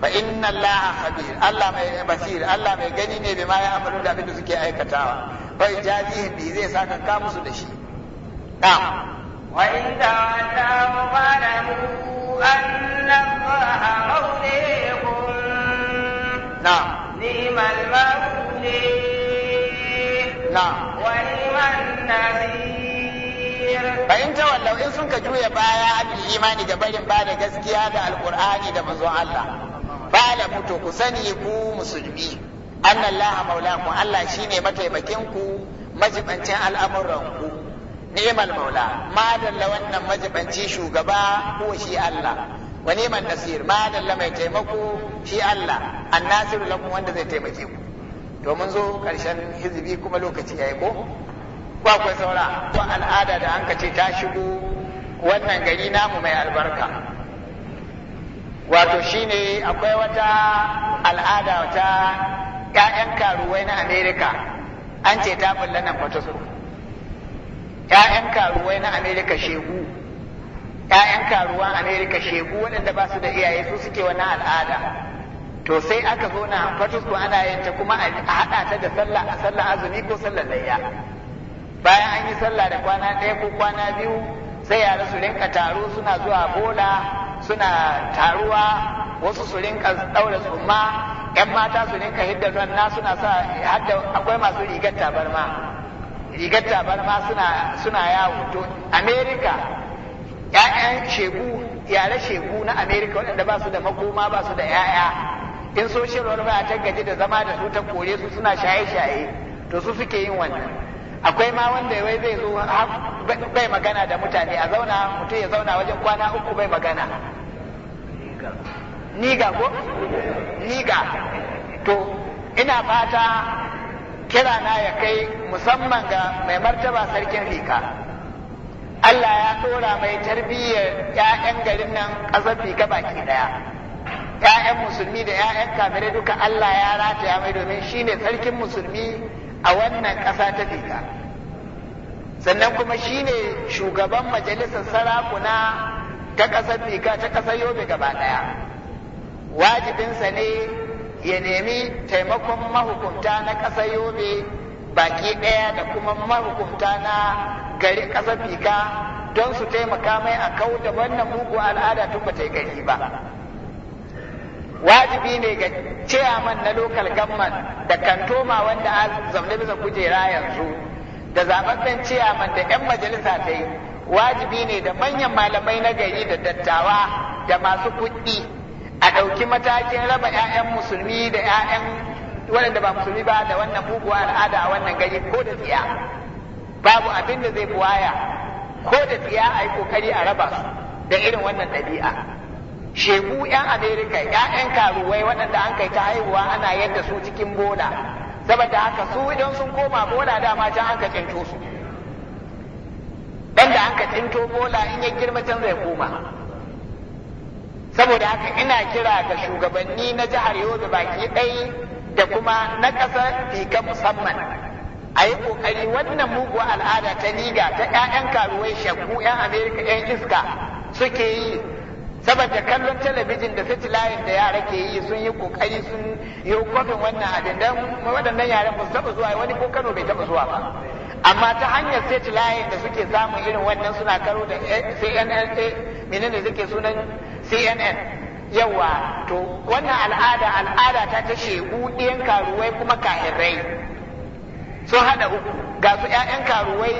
fa inna Allah khabir Allah mai basir Allah mai gani ne bima ya amalu da abin suke aikatawa fa jazihi bi zai saka ka musu da shi na'am wa in ta qalamu anna Allah Na. na'am ni'mal mawli na'am wa ni'man tawallau in sun ka juya baya an imani da barin ba da gaskiya da alkur'ani da manzon Allah bala mutu ku sani ku musulmi annallaha ku Allah shine mataimakin ku majibancin al'amuran ku ni'mal maula ma dalla wannan majibanci shugaba ko shi Allah wa ni'mal nasir ma dalla mai taimako shi Allah annasir lakum wanda zai taimake ku to mun zo karshen hizbi kuma lokaci yayi ko ba akwai saura ko al'ada da an ce ta shigo wannan gari namu mai albarka wato shine akwai wata al'ada ta 'ya'yan karuwai na amerika an ce ta bulla nan fatasko 'ya'yan karuwai na amerika shegu 'ya'yan karuwan amerika shegu waɗanda ba su da iyaye su suke wannan al'ada to sai aka zo na fatasko ana yin kuma a haɗa ta da sallah a sallah azumi ko sallah layya bayan an yi sallah da kwana ɗaya ko kwana biyu sai yara su rinka taro suna zuwa bola suna taruwa wasu su rinka ɗaura tsumma yan mata su rinka hidda ranna suna sa hadda akwai masu rigar tabarma rigar tabarma suna suna yawo to amerika ‘ya’yan shegu yare shegu na Amerika, waɗanda ba su da makoma ba su da 'ya'ya. in social welfare ta gaji da zama da su ta kore su suna shaye-shaye to su suke yin wannan akwai ma wanda wai zai zo bai magana da mutane a zauna mutum ya zauna wajen kwana uku bai magana niga ko niga to ina fata kira na ya kai musamman ga mai martaba sarkin rika Allah ya ɗora mai tarbiyyar 'ya'yan garin nan ƙasar rika baki ɗaya ‘ya'yan musulmi da ‘ya'yan kamirai duka Allah ya rataya mai domin shi ne sarkin musulmi a wannan ƙasa ta fika. sannan kuma shine shugaban majalisar sarakuna ta ƙasar Nika ta ƙasar Yobe gaba ɗaya wajibinsa ne ya nemi taimakon mahukunta na ƙasar Yobe baki ɗaya da kuma mahukunta na gari ƙasar Nika don su taimaka mai a kau da wannan mugu al'ada tun ba ta yi gari ba wajibi ne ga ciyaman na lokal gamman da kantoma wanda a zamne bisa kujera yanzu da zababben ciyaman da 'yan majalisa ta yi wajibi ne da manyan malamai na gari da dattawa da masu kuɗi a ɗauki matakin raba 'ya'yan musulmi da 'ya'yan waɗanda ba musulmi ba da wannan muguwa al'ada a wannan gari ko da tsiya babu abin da zai buwaya ko da tsiya a yi ƙoƙari a raba su da irin wannan ɗabi'a shegu 'yan amerika 'ya'yan karuwai waɗanda an kai ta haihuwa ana yadda su cikin bola saboda haka su idan sun koma bola dama can an ka tsinto su dan da tsinto bola in ya girma can zai koma saboda haka ina kira ga shugabanni na jihar yobe baki ɗaya da kuma na ƙasar fika musamman a yi ƙoƙari wannan muguwa al'ada ta niga ta 'ya'yan karuwai shakku 'yan amerika 'yan iska suke yi saboda kallon talabijin da fitilayin da yara ke yi sun yi kokari sun yi kofin wannan abin dan waɗannan yaran ba su taɓa zuwa wani ko Kano bai taɓa zuwa ba amma ta hanyar fitilayin da suke samun irin wannan suna karo da eh, CNN eh, menene suke sunan CNN yawa to wannan al'ada al'ada ta ta shegu ɗiyan karuwai kuma kahirai sun haɗa uku ga su ƴaƴan karuwai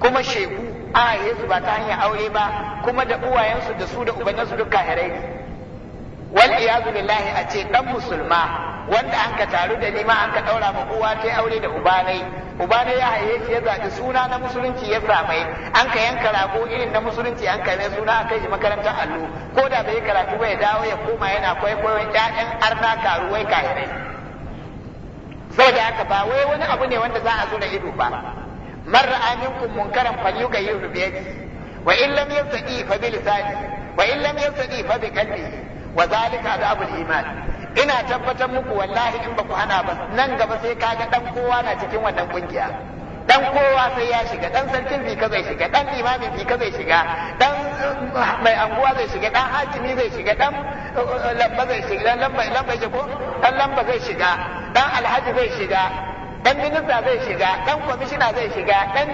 kuma shegu a yesu ba ta hanyar aure ba kuma da uwayensu da su da ubanninsu duk kahirai ne wal iyazu billahi a ce dan musulma wanda an ka taru da nima an ka daura ma uwa ta aure da ubanai ubanai ya haye shi ya zaɓi suna na musulunci ya samai an ka yanka rago irin na musulunci an kai suna an kai shi makarantar allo ko da bai karatu ba ya dawo ya koma yana kwaikwayon ƴaƴan arna karuwai kahirai saboda haka ba wai wani abu ne wanda za a zo da ido ba man ra'a minkum munkaran falyughayyirhu bi yadihi wa in lam yastati fa bi lisanihi wa in lam yastati fa bi qalbihi wa zalika adabul iman ina tabbatar muku wallahi in ku hana ba nan gaba sai kaga dan kowa na cikin wannan kungiya dan kowa sai ya shiga dan sarkin bika zai shiga dan imamin bika zai shiga dan mai anguwa shiga dan hakimi zai shiga dan lamba zai shiga alhaji zai shiga dan minista zai shiga dan kwamishina zai shiga dan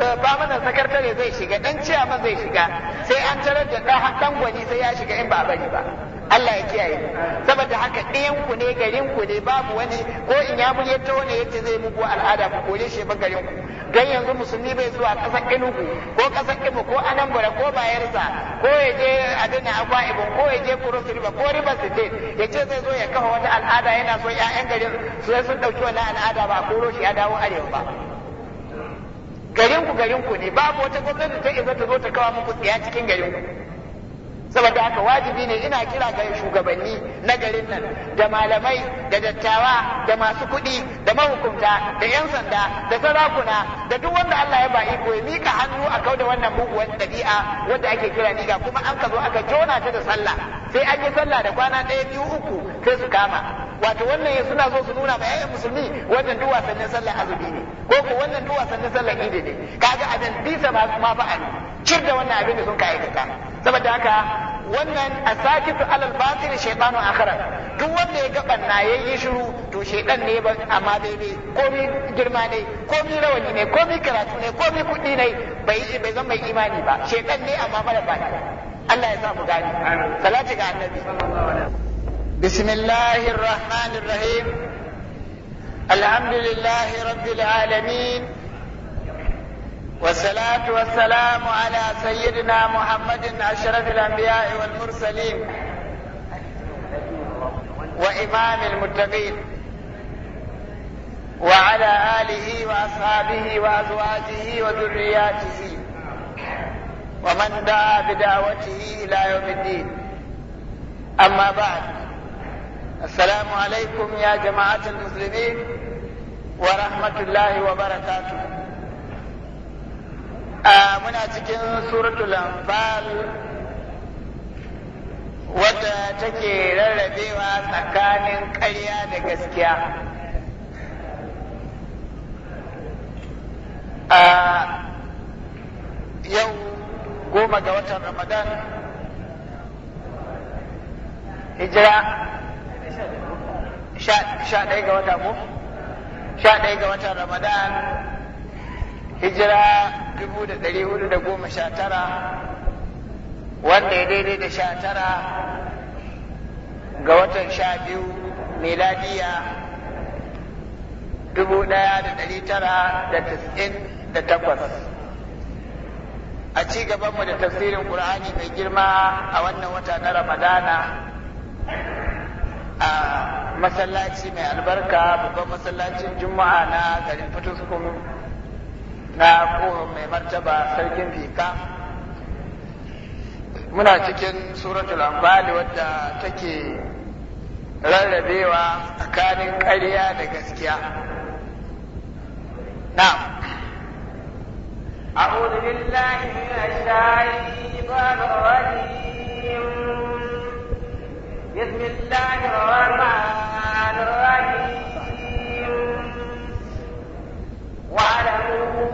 eh, bamanan sakatare zai shiga dan ciyaman zai shiga sai an tarar da dan gwani sai ya shiga in ba a bari ba Allah ya kiyaye saboda haka ɗayan ku ne garin ku ne babu wani ko in ya mun yato ne yace zai mugu al'ada ku kore shi ba garin ku dan yanzu musulmi bai zuwa ƙasar Enugu ko ƙasar Imo ko Anambra ko Bayelsa ko ya je Adana Akwa Ibom ko ya je Cross River ko River State ya ce zai zo ya kafa wata al'ada yana so ƴaƴan garin su sun ɗauki wannan al'ada ba koro shi ya dawo arewa ba garin ku garin ku ne babu wata gwamnati ta iza ta zo ta kawo muku tsiya cikin garin ku saboda haka wajibi ne ina kira ga shugabanni na garin nan da malamai da dattawa da masu kuɗi da mahukunta da 'yan sanda da sarakuna da duk wanda Allah ya ba iko ya mika hannu a kauda wannan muguwar ɗabi'a wadda ake kira niga kuma an ka zo aka jona ta da sallah sai an yi sallah da kwana ɗaya biyu uku sai su kama wato wannan suna so su nuna ba 'ya'yan musulmi wannan duk wasannin sallar azumi ne ko ko wannan duk wasannin sallar idi ne kaga a dan bisa ma ma fa'al cir da wannan abin da sun kai aikata saboda haka wannan asakitu alal batil shaytanu akhara duk wanda ya ga banna yayi shiru to shaytan ne ba amma dai ne komi girma ne komi rawani ne komi karatu ne komi kudi ne bai bai zama imani ba shaytan ne amma mara ba Allah ya sa mu gani salati ga annabi sallallahu alaihi wasallam بسم الله الرحمن الرحيم الحمد لله رب العالمين والصلاة والسلام على سيدنا محمد أشرف الأنبياء والمرسلين وإمام المتقين وعلى آله وأصحابه وأزواجه وذرياته ومن دعا بدعوته إلى يوم الدين أما بعد السلام عليكم يا جماعة المسلمين ورحمة الله وبركاته muna cikin suratul anfal wadda take rarrabewa tsakanin ƙarya da gaskiya a yau goma ga watan ramadan hijira sha ɗaya ga wata ko sha ɗaya ga watan ramadan hijira dubu da ɗari hudu da goma sha tara wanda ya daidai da sha tara ga watan sha biyu miladiya dubu ɗaya da ɗari tara da tas'in da takwas a ci gabanmu da tafsirin ƙur'ani mai girma a wannan wata na ramadana a masallaci mai albarka babban masallacin juma'a na garin fituskun na kohon mai martaba sarkin fika muna cikin suratul anfali wadda take rarrabewa tsakanin ƙarya da gaskiya na أعوذ بالله من الشيطان الرجيم بسم الله الرحمن الرحيم واعلموا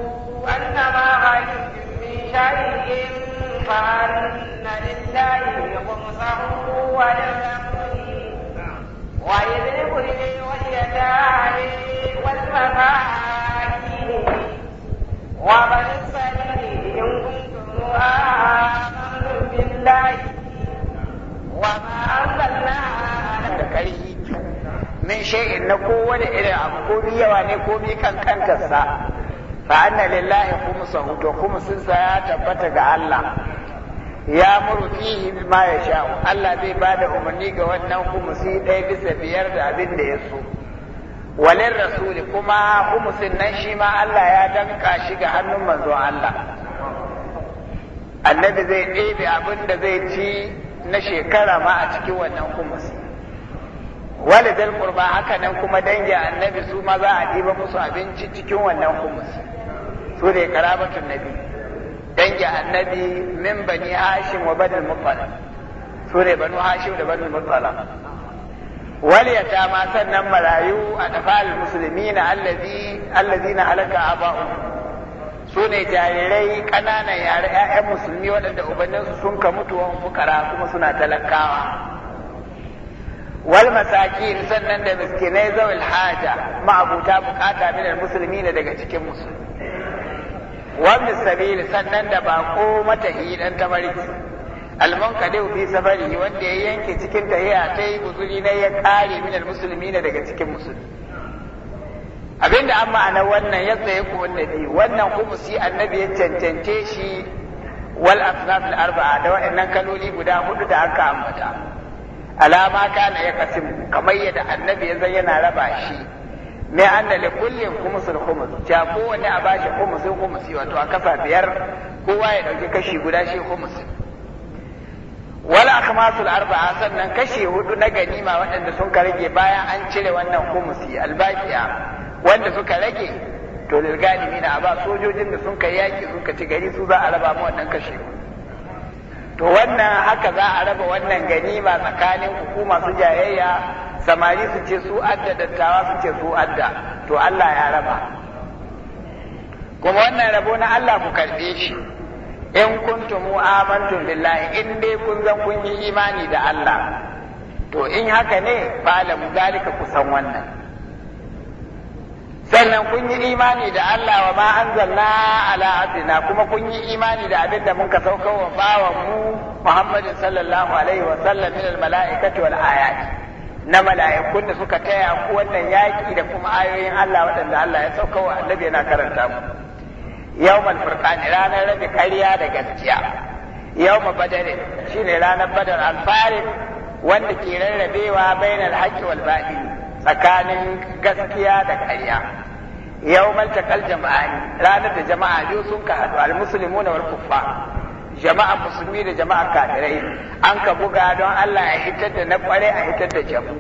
أن ما غنمتم من شيء فأن لله خمسه وللرسول وإذ القرب واليتامى والمساكين وابن السبيل إن كنتم آمنتم بالله wa ma arsalna da karhi min shay'in na kowane irin abu ko yawa ne ko bi kan kankarsa fa anna lillahi ya tabbata ga Allah ya muru fihi ma ya sha'u Allah zai ba da umarni ga wannan kumusi ɗaya bisa biyar da abin da ya so walin rasuli kuma kumusin nan shi ma Allah ya danka shi ga hannun manzon Allah annabi zai ɗebe abin da zai ci na shekara ma a cikin wannan kumus walidal qurba haka nan kuma dangin annabi su ma za a ɗiba musu abinci cikin wannan humus. su ne karabatun nabi Dangin annabi min bani hashim wa banil muttalib su ne banu hashim da banil muttalib wal yatama sannan marayu a dafal muslimina allazi na halaka aba'u su ne jarirai ƙananan yare 'ya'yan musulmi waɗanda ubanninsu sun ka mutuwan fukara kuma suna talakawa wal masakin sannan da miskinai zawil haja ma'abuta bukata minar musulmi ne daga cikin musulmi wani sabili sannan da bako matahi dan tabariki fi wanda ya yanke cikin tahiya ta yi guzuri na ya kare minar musulmi ne daga cikin musulmi abinda an ma'ana wannan ya tsaye ku wannan wannan kumusi annabi ya cancance shi wal asnaf al arba'a da wa'annan kaloli guda hudu da aka ambata alama kana ya kasim kamar yadda annabi ya zan yana raba shi me anna li kullin khumsul khums ta wani a bashi khumsul khumsi wato a kafa biyar kowa ya dauki kashi guda shi khums wal akhmasul arba'a sannan kashi hudu na ganima waɗanda sun karge bayan an cire wannan kumusi albaqiya wanda suka rage to lil ne a ba sojojin da sun kai yaki sun ci gari su za a raba mu wannan kashe to wannan haka za a raba wannan gani ganima tsakanin hukuma su jayayya samari su ce su adda dattawa su ce su adda to Allah ya raba kuma wannan rabo na Allah ku karbe shi in kuntum amantum billahi in dai kun zan kun yi imani da Allah to in haka ne fa lamu zalika kusan wannan sannan kun yi imani da Allah wa ma zanna ala abdina kuma kun yi imani da abin da mun ka sauka wa bawan mu Muhammadin sallallahu alaihi wa sallam min al wal ayat na mala'ikun da suka taya ku wannan yaki da kuma ayoyin Allah waɗanda Allah ya sauka wa annabi yana karanta mu yawmal furqan ranar rabi karya da gaskiya yawma badar shine ranar badar al wanda ke rarrabewa bainal haqqi wal batil tsakanin gaskiya da ƙarya yau kal jama'ani ranar da jama'a biyu sun ka haɗu almusulmi na jama'a musulmi da jama'a kafirai an ka buga don Allah ya hitar da na kware a hitar da jamu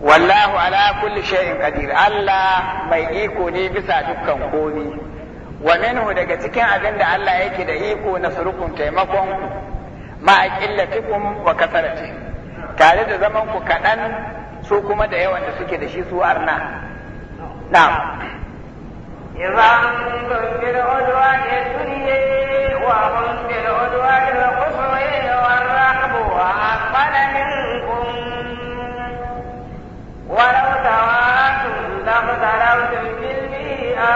wallahu ala kulli shay'in qadir Allah mai iko ne bisa dukkan komi wa minhu daga cikin abin da Allah yake da iko na surukun taimakon ma'a killatikum wa kasaratikum tare da zaman ku kaɗan su kuma da yawan da suke da shi su arna. Na'am. Iza kun bambe da ke wa da wadwa ke da a kwanamin kun. Warautawa da mutarautun a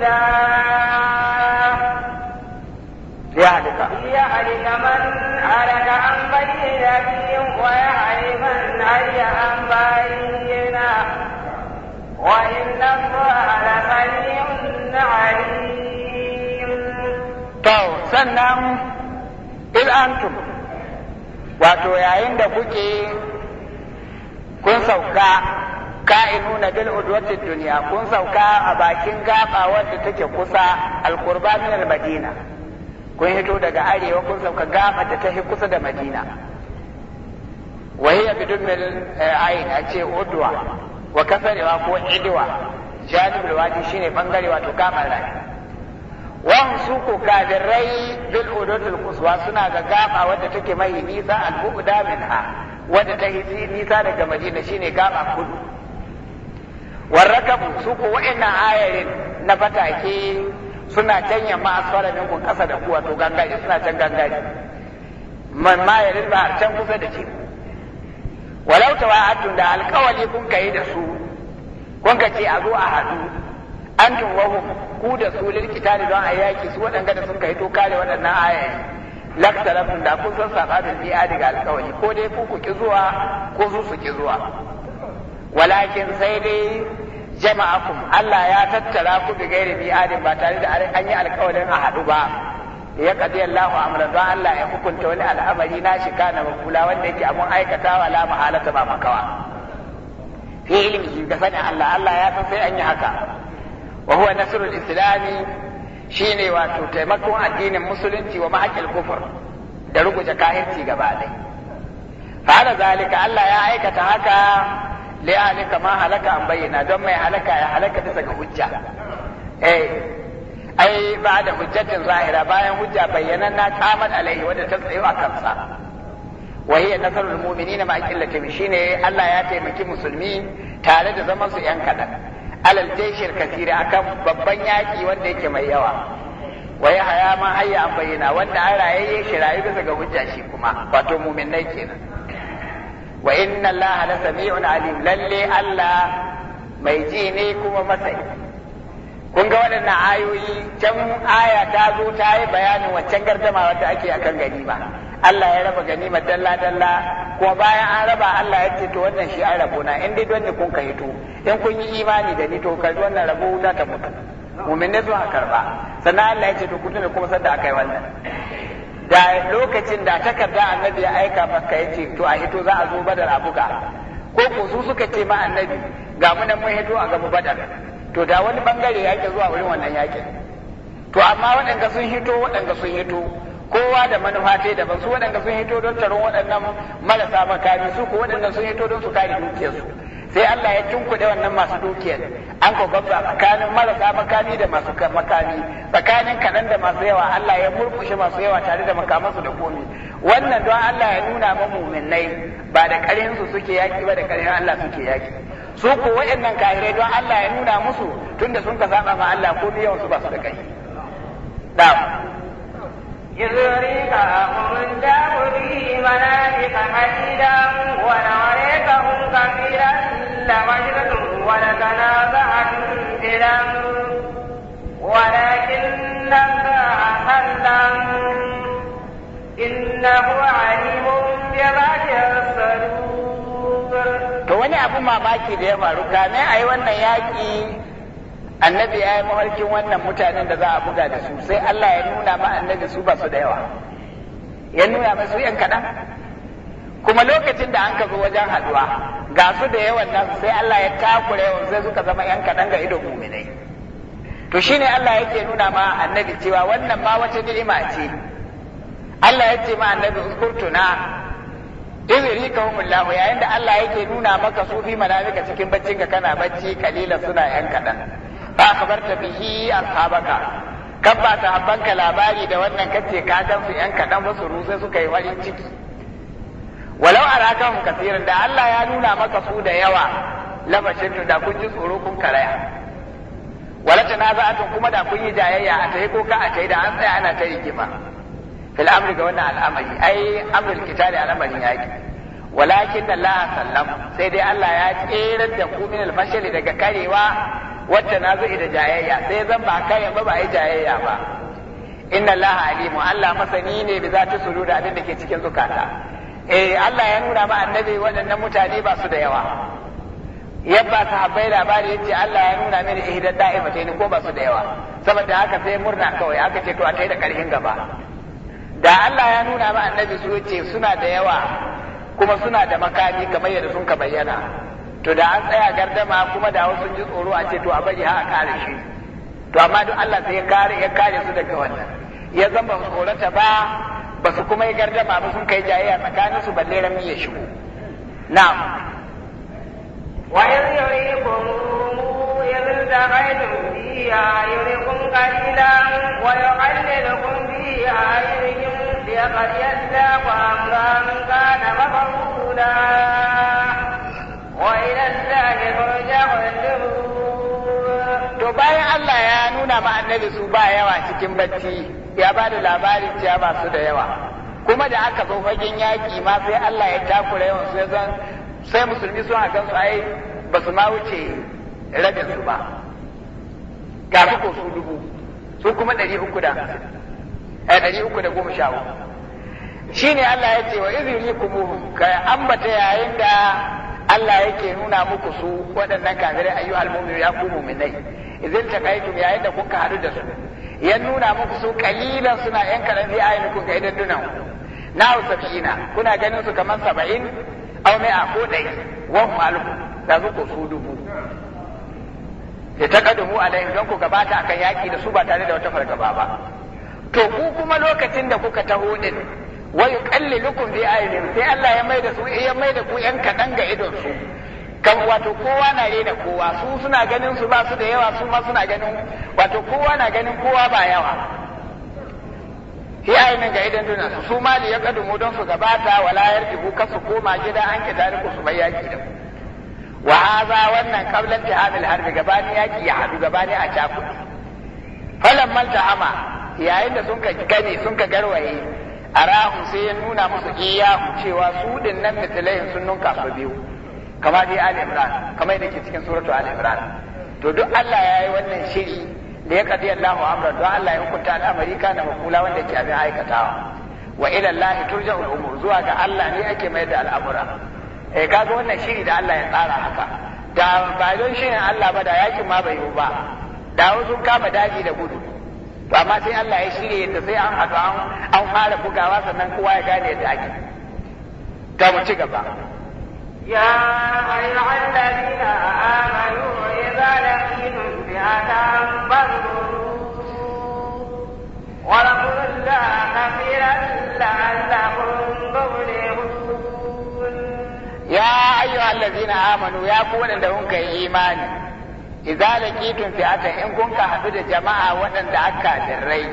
الله ليهلك ليهلك من هلك عن بينه ويعرف من علي عن بينه وإن الله لسميع عليم. تو سنم إذ أنتم wato yayin da kuke kun sauka ka'inuna bil udwati dunya kun sauka a bakin gaba wadda take kusa alqurba min al madina kun hito daga arewa kun sauka gaba da take kusa da madina wa hiya bidun mil ayn a ce udwa wa kasarewa ko idwa janibul wadi shine bangare wato gaba rai wa suku kadirai kafirai bil udwatul quswa suna ga gaba wadda take mai nisa al bu'da minha wadda ta nisa daga madina shine gaba kudu warrakabu su ko wa'ina ayarin na fatake suna can yamma asfara kun kasa da kuwa to gangaje suna can gangaje man ma ba can kusa da ci walau tawa'atun da alkawali kun kai da su kun ka ce a zo a haɗu an tun wahu ku da su lilkitali don a yaki su waɗanda da sun kai to kare waɗannan ayayen laktalafin da kun san da bi'a daga alkawali ko dai ku ku ki zuwa ko su su ki zuwa walakin sai dai jama'akum Allah ya tattara ku bi gairi mi'adin ba tare da anyi yi alkawarin a haɗu ba ya kadi Allahu amran don Allah ya hukunta wani al'amari na shi kana makula wanda yake abun aikatawa la mahalata ba makawa fi ilmi ga sanin Allah Allah ya san sai an yi haka wa huwa nasrul islami shine wato taimakon addinin musulunci wa mahaqil kufur da ruguje kahirci gaba ɗaya fa zalika Allah ya aikata haka li alika ma halaka an bayyana don mai halaka ya halaka bisa ga hujja eh ai ba da hujjatin zahira bayan hujja bayyana na kamar alaihi wadda ta tsayo a kansa wa hiya na mu'minina ma aqillati shine Allah ya taimaki musulmi tare da zaman su yan kadan alal jaishir kasiri akan babban yaki wanda yake mai yawa Waye ya haya ma hayya an bayyana wanda an rayaye shi rayu bisa ga hujja shi kuma wato mu'minai kenan wa inna allaha la sami'un alim lalle allah mai ji ne kuma yi. kun ga waɗannan ayoyi can aya ta zo ta yi bayanin waccan gardama wata ake akan ganima Allah ya raba ganima dalla dalla kuma bayan an raba Allah ya ce to wannan shi an rabo na in dai don ni kun ka hito in kun yi imani da ni to ka wannan rabo za ta mutu mumin ne zuwa karba sannan Allah ya ce to ku tuna kuma sanda aka yi wannan da lokacin da takarda annabi ya aika maka ya ce to a hito za a zo badar a buga ko ko su suka ce ma annabi ga mu nan mun hito a mu badar to da wani bangare yake zuwa wurin wannan yakin to amma waɗanda sun hito waɗanda sun hito kowa da manufa ta daban su waɗanda sun hito don taron waɗannan marasa makami su ko waɗanda sun hito don su kare dukiyarsu sai Allah ya da wannan masu dukiyar an ko gabba tsakanin marasa makami da masu makami tsakanin kaɗan da masu yawa Allah ya murkushe masu yawa tare da makamansu da komi wannan don Allah ya nuna ma muminai ba da ƙarinsu suke yaki ba da ƙarin Allah suke yaki su ko waɗannan kahirai don Allah ya nuna musu tunda sun ka saba ma Allah ko yawansu su ba su da kai na'am إذ يريكهم الله ملائكة ولو كثيرا لوجدتم ولتنازعتم ولكن الله إنه عليم بذات الصدور. To wani abin mamaki da ya faru kamin a yi wannan yaƙi annabi ya yi mafarkin wannan mutanen da za a buga da su sai Allah ya nuna ma annabi su ba su da yawa ya nuna masu yan kaɗan kuma lokacin da an ka zo wajen haɗuwa ga su da yawan nasu sai Allah ya takura yawan sai suka zama yan kaɗan ga ido muminai to shine Allah yake nuna ma annabi cewa wannan ma wace ni'ima ce Allah ya ce ma annabi uskurtuna izri ka lahu yayin da Allah yake nuna maka sufi fi manamika cikin baccin ka kana bacci kalila suna yan kaɗan Ba bar ta bihi ashabaka kan ba ta ka labari da wannan kace ka san su yan kadan wasu rusai suka yi farin ciki walau arakahum kasiran da Allah ya nuna maka su da yawa labashin da kun ji tsoro kun karaya wala nazatu kuma da kun yi jayayya a tayi ko ka a tayi da an tsaya ana ta rigima fil amri ga wannan al'amari ai amrul kitali al'amarin yake walakin Allah sallam sai dai Allah ya tsere da ku min daga karewa wacce na zai da jayayya sai zan ba kayan ba ba yi jayayya ba inna Allah alimu Allah masani ne bi zati suru da abin da ke cikin zukata eh Allah ya nuna ma annabi waɗannan mutane ba su da yawa yabba sahabbai labari yace Allah ya nuna mini ihdad da'imatayn ko ba su da yawa saboda haka sai murna kawai aka ce to a da karhin gaba da Allah ya nuna ma annabi su yace suna da yawa kuma suna da makami kamar yadda sun ka bayyana to da an tsaya gardama kuma da wasu ji tsoro a ce to a bari ha a kare shi to amma duk Allah sai ya kare ya kare su daga wannan ya zama ba tsorata ba ba su kuma yi gardama ba sun kai jayayya tsakanin su balle rami ya shigo na'am wa yurikum يبتغيتم فيها يركم قليلا ويقللكم فيها ya ليقضي الله أمرا كان مفعولا to bayan Allah ya nuna ma annabi su ba yawa cikin bacci ya ba da labarin cewa ba su da yawa kuma da aka zo fagen yaƙi ma sai Allah ya takura yawan su zan sai musulmi sun hakan su ai ba su ma wuce rabin su ba ga ko su dubu su kuma ɗari uku da eh, goma sha Shi shine Allah ya ce wa izini ku ka ambata yayin da Allah yake nuna muku su waɗannan kafirai ayyuhal mu'minu ya ku mu'minai idan ta taqaitum yayin da kuka haɗu da su ya nuna muku su kalilan suna yan karan ayi muku ga idan dunan na usafina kuna ganin su kamar saba'in aw mai a ko dai wa hum alfu da ku su dubu ya taqadumu alai don ku gabata akan yaki da su ba tare da wata fargaba ba to ku kuma lokacin da kuka taho din wa yuqallilukum bi aynin sai Allah ya maida su ya maida ku yan kadan ga idon su kan wato kowa na rena kowa su suna ganin su ba su da yawa su ma suna ganin wato kowa na ganin kowa ba yawa ya ainihin ga idan duna su su ma ya kadumu don su gabata wala yarjibu ka su koma gida an ki tare ku su mai yaki da ku wa haza wannan qablan tihamil harbi gabani yaki ya hadu gabani a cafu falan malta ama yayin da sun ka gani sun ka garwaye arahum sai ya nuna musu iyahu cewa su din nan mithlaihim sun nunka biyu kamar dai Ali Imran kamar yadda ke cikin suratu Ali Imran to duk Allah ya yi wannan shiri da ya kadi Allahu amra don Allah ya hukunta al'amari kana makula wanda ke abin aikatawa wa ila Allah turja'ul umur zuwa ga Allah ne ake mai da al'amura eh kaga wannan shiri da Allah ya tsara haka da ba don shirin Allah ba da yakin ma bai yi ba da wasu kama daji da gudu to sai Allah ya shirye ta sai an haɗu an bugawa sannan kowa ya gane yadda ake ta mu ci gaba ya ayyuhan ladina amanu idza laqitum fi'atan fadru wa la kullu kafiran la'allakum tuflihun ya ayyuhan ladina amanu ya ku wanda kun kai imani idza laqitum fi'atan in kun ka hadu da jama'a waɗanda aka kafirai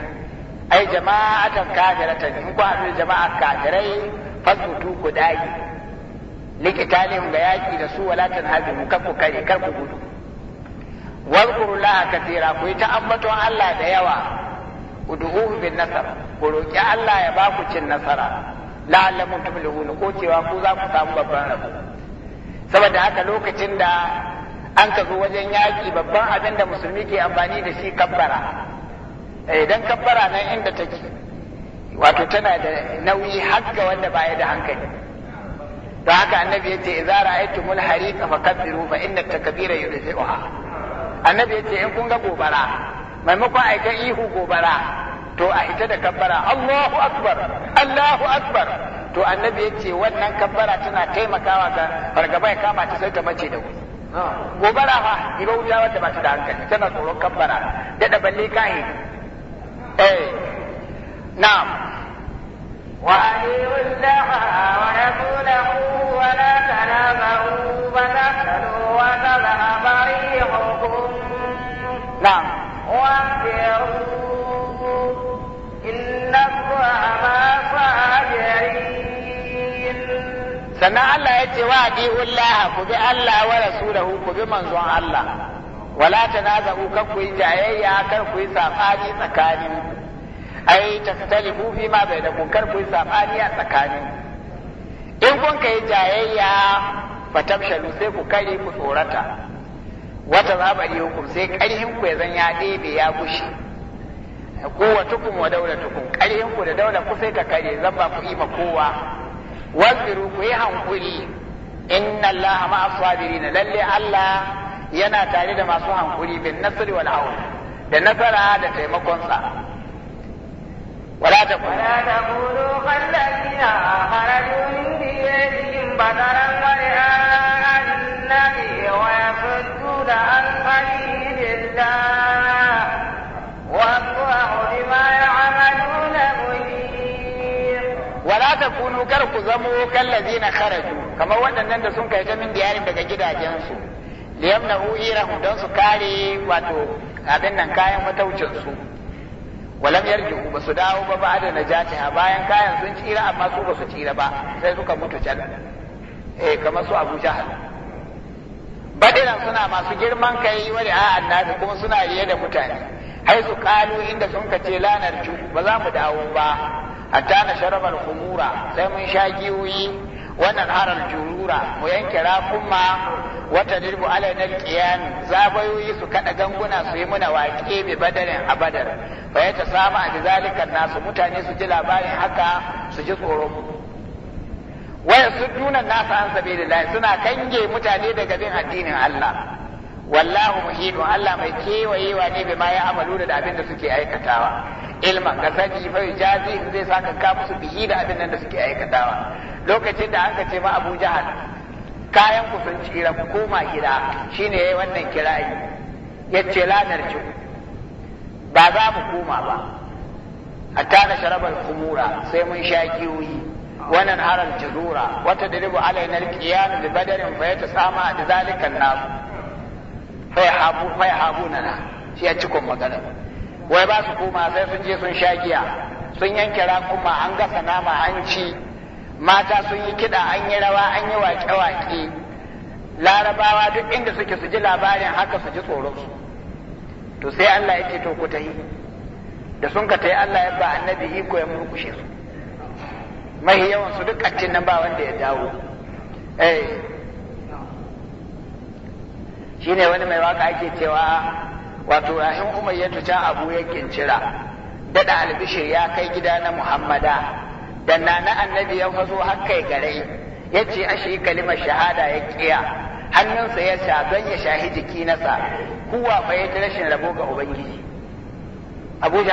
ai jama'atan kafiratan in kun hadu da jama'a kafirai fasutu ku dagi likitalihum ga yaki da su wala tanhazimu kar ku kare kar ku gudu wadhkuru laha katira ku yi ta'ammatun Allah da yawa ud'uhu bin nasar ku roki Allah ya baku cin nasara la'allakum tuflihun ko cewa ku za ku samu babban rabo saboda haka lokacin da an ka zo wajen yaƙi babban abin da musulmi ke amfani da shi kabbara idan eh, kabbara nan inda take wato tana da nauyi haka wanda baya da hankali don haka annabi yace idza ra'aytumul harika fakabbiru fa inna takbira yudhi'uha annabi yace in kun ga gobara maimakon a ga ihu gobara to a ita da kabbara Allahu akbar Allahu akbar to annabi yace wannan kabbara tana taimakawa ga fargaba ya kama ta sai ta mace da wuri gobara fa iba wuya wanda ba ta da hankali tana tsoron kabbara da balle kai eh na'am wa ayyul laha wa rasulahu wa la tanabahu wa taqalu wa tadhaba rihukum na'am wa firu inna allaha ma fa'ajirin sannan Allah ya ce wa Allah ku bi Allah wa rasulahu ku bi manzon Allah wala tanazahu kan ku yi jayayya kar ku yi sabani tsakanin ai ta taftalifu fi ma bai da ku kar ku yi sabani a tsakanin in kun kai jayayya fatabshalu sai ku kare ku tsorata wata zabari hukum sai karhin ku ya zan ya ɗebe ya gushe kowa tukun wa daula tukun karhin ku da daula ku sai ka kare zan ba ku ima kowa waziru ku yi hankuri inna Allah ma asabiri na lalle Allah yana tare da masu hankuri bin nasiri wani hawl da nasara da taimakon sa wala ta ku la ta qulu khallina haraju min diyyatin badaran wa annabi wa yasudduna an qalilillah wa aqwa ma ya'maluna wala kunu kar ku zamo na kharaju kamar waɗannan da sun kai ta min diyarin daga gidajensu da yamna irahum don su kare wato abin nan kayan mataucin su walam yarji'u ba su dawo ba ba da najatiha bayan kayan sun tsira amma su ba su tsira ba sai suka mutu can eh kamar su Abu Jahal badira suna masu girman kai wani a annabi kuma suna riye da mutane haisu su kalu inda sun kace lanar ju ba za mu dawo ba hatta na sharabar kumura sai mun sha giyoyi wannan harar jurura mu yanke rakunma wata dirbu alainar kiyan zabayoyi su kada ganguna su yi muna waƙe mai badarin a badar fa ya ta samu a bizalikan nasu mutane su ji labarin haka su ji tsoron waya su nuna nasa an sabilillah suna kange mutane daga bin addinin Allah wallahu muhidun Allah mai kewayewa ne bai ma ya amalu da abin da suke aikatawa Ilma, ka sani fa jazi zai saka ka musu bihi da abin nan da suke aikatawa lokacin da aka ce ma Abu Jahal kayan ku sun tsira ku koma gida shine yayi wannan kirayi ya ce lanar ci ba za mu koma ba hatta na sharabar kumura sai mun sha kiwi wannan haram jazura wata diribu alaina na bi badarin fa sama da zalikan nasu fa habu fa na, shi ya cikon magana wai ba su koma sai sun je sun sha giya sun yanke raƙuma an gasa nama an ci mata sun yi kiɗa an yi rawa an yi waƙe-waƙe larabawa duk inda suke su ji labarin haka su ji su to sai Allah ya ce to ku da sun ka tayi Allah ya ba annabi iko ya murkushe su mahi yawan su duk kattin nan ba wanda ya dawo eh shine wani mai waka ake cewa wato Umar ya ta abu ya kincira da albishir ya kai gida na muhammada dan na annabi ya fazo har kai gare ya ce shi kalimar shahada ya kiya hannunsa ya sha don ya shahi jiki nasa kuwa fa ya rashin rabo ga ubangiji abu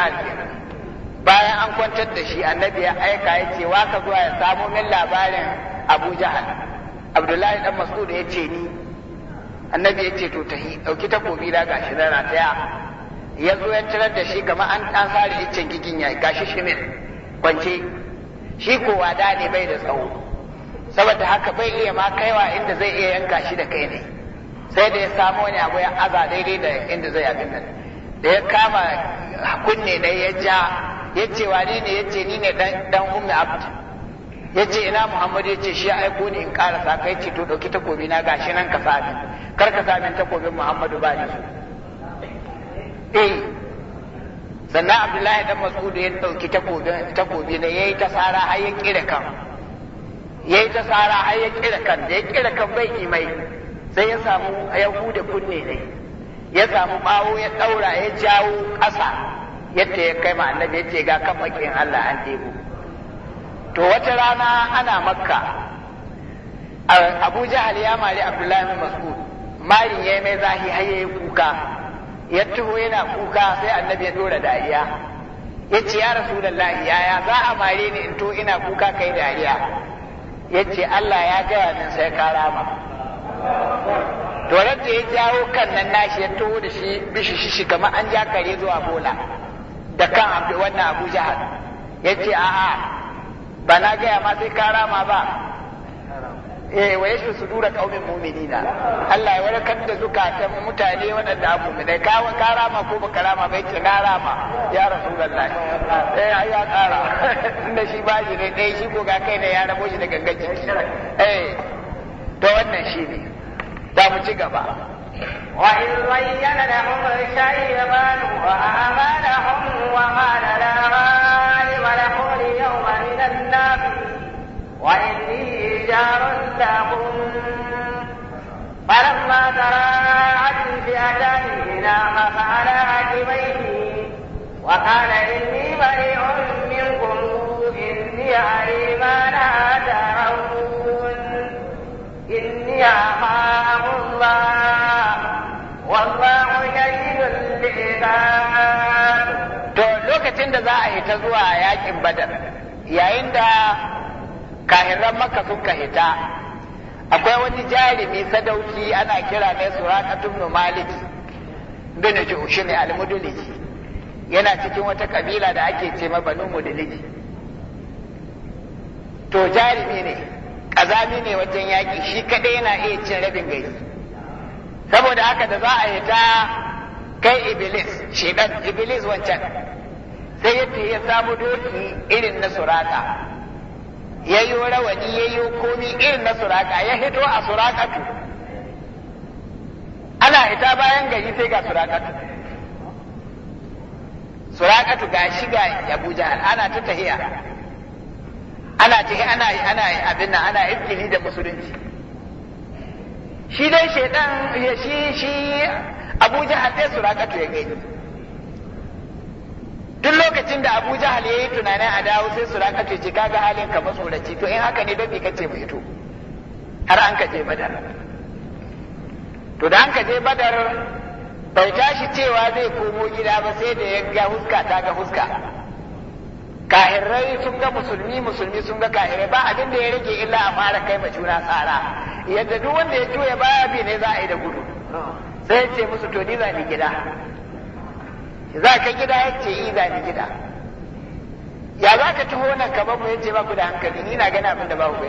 bayan an kwantar da shi annabi ya aika ya ce wa ka zuwa ya samo min labarin abu jahal abdullahi dan mas'ud ya ce ni annabi ya ce to tahi ɗauki takobi ga gashi na rataya ya zo ya tarar da shi kamar an ɗan sare iccen gigin ya gashi shimin kwance shi ko wada ne bai da tsawo saboda haka bai iya ma kaiwa inda zai iya yanka shi da kai ne sai da ya samu wani abu ya aza daidai da inda zai abin nan da ya kama kunne da ya ja ya ce ne ya ce ni ne dan ummi abdu yace ina Muhammad yace shi ya aiko ni in karasa kai ce to dauki takobi na gashi nan ka sami kar ka sami takobin Muhammadu ba ni eh sannan Abdullahi dan Mas'ud ya dauki takobi na yayi ta sara har ya kira kan yayi ta sara har ya kira kan da ya kira kan bai imai sai ya samu hude kunne ne ya samu bawo ya daura ya jawo ƙasa yadda ya kai ma annabi yace ga kan makin Allah an debo to wata rana ana makka abu jahal ya mari abdullahi bin mas'ud marin yayi mai zahi har yayi kuka ya tuho yana kuka sai annabi ya dora dariya ya ce ya rasulullahi yaya za a mare ni in to ina kuka kai dariya ya ce Allah ya gaya min sai karama. rama to da ya jawo kan nan nashi ya tuho da shi bishi shi kamar an ja kare zuwa bola da kan wannan abu jahal ya ce a'a ba na gaya ma sai kara ma ba eh wa yashu sudura qaumin mu'minina Allah ya warkar da zukatan mutane waɗanda abu mu'minai kawo kara ma ko ba ma bai ce ma ya rasulullahi eh ai ya kara inda <laughs> shi ba shi ne dai eh, shi ko ga kai ne ya rabo shi da gangaci eh to wannan shi ne da mu ci gaba وإذ زين لهم الشيطان أعمالهم وقال لا وإني جار لهم فلما تراءت الفئتان إناما فعلى عجبيه وقال إني بريء منكم إني أري ما لا ترون إني أخاف الله والله شديد العقاب. To lokacin da za a yi ta zuwa yakin badar yayin da kahiran maka sun kahita, akwai wani jarumi sadauki ana kira ne surakatun nu maliki bin juhushi ne almuduliji yana cikin wata kabila da ake ce ma banu to jarumi ne kazami ne wajen yaƙi shi kaɗai yana iya cin rabin gari saboda haka da za a yi ta kai iblis shedan iblis wancan sai ya ya samu doki irin na surata ya yi rawani ya yi komi irin na suraka ya hito a surakatu ana hita bayan gari sai ga surakatu surakatu ga shiga abuja ana ta tahiya ana tahiya ana ana abin nan ana ibkili da musulunci shi dai shaidan shi shi abuja har sai surakatu ya gani duk lokacin da Abu Jahal yi tunanin a dawo sai su raka ce kaga halin ka matsoraci to in haka ne dan me kace mu ito. har an ka je Badar to da an ka je Badar bai tashi cewa zai komo gida ba sai da ya ga huska ta ga huska kahirai sun ga musulmi musulmi sun ga kahirai ba abin da ya rage illa a fara kai ma juna tsara yadda duk wanda ya juya baya bi ne za a yi da gudu sai ce musu to ni za ni gida za ka gida ya ce yi za gida ya za ka taho nan ka babu ya ce ba da hankali ni na gani abin da ba ku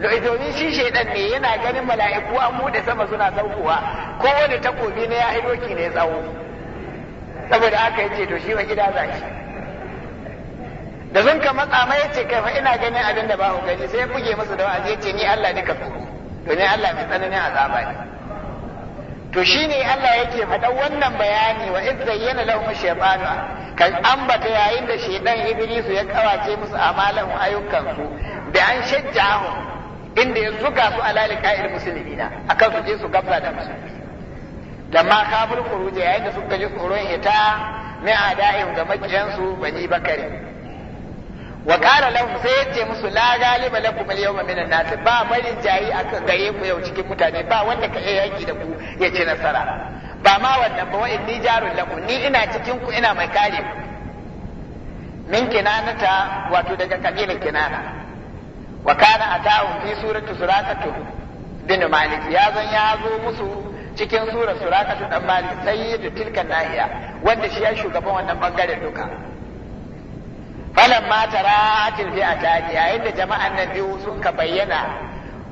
gani domin shi shaidan ne yana ganin mala'iku an buɗe sama suna saukowa kowane takobi na ya doki ne tsawo saboda aka yace to shi wa gida za shi da sun ka matsa mai yace kai fa ina ganin abin da ba ku gani sai ya buge musu da wa'azi yace ni Allah ne ka tsoro domin Allah mai tsananin azaba ne to shi ne Allah yake faɗan wannan bayani wa iz zayyana lahum shaytanu kan ambata yayin da shaydan iblis ya kawace musu amalan ayyukan su da an shajjahu inda ya zuga su ala liqa'il muslimina akan su je su gabza da da ma kafir kuruje yayin da suka ji tsoron hita mai ada'in ga makiyansu bani bakari wa qala lahum sai yace musu la galiba lakum al yawma nas ba barin jayi aka gare ku yau cikin mutane ba wanda ka iya yaki da ku ya ci nasara ba ma wannan ba wa inni jarul lakum ni ina cikin ku ina mai kare ku min kinanata wato daga kabilar kinana wa kana ata'un fi suratu surakatu bin malik ya zan ya zo musu cikin sura surakatu dan malik sayyidu tilkan nahiya wanda shi ya shugaban wannan bangaren duka falan ma tara tilfi a taƙi yayin da jama'an nan biyu sun ka bayyana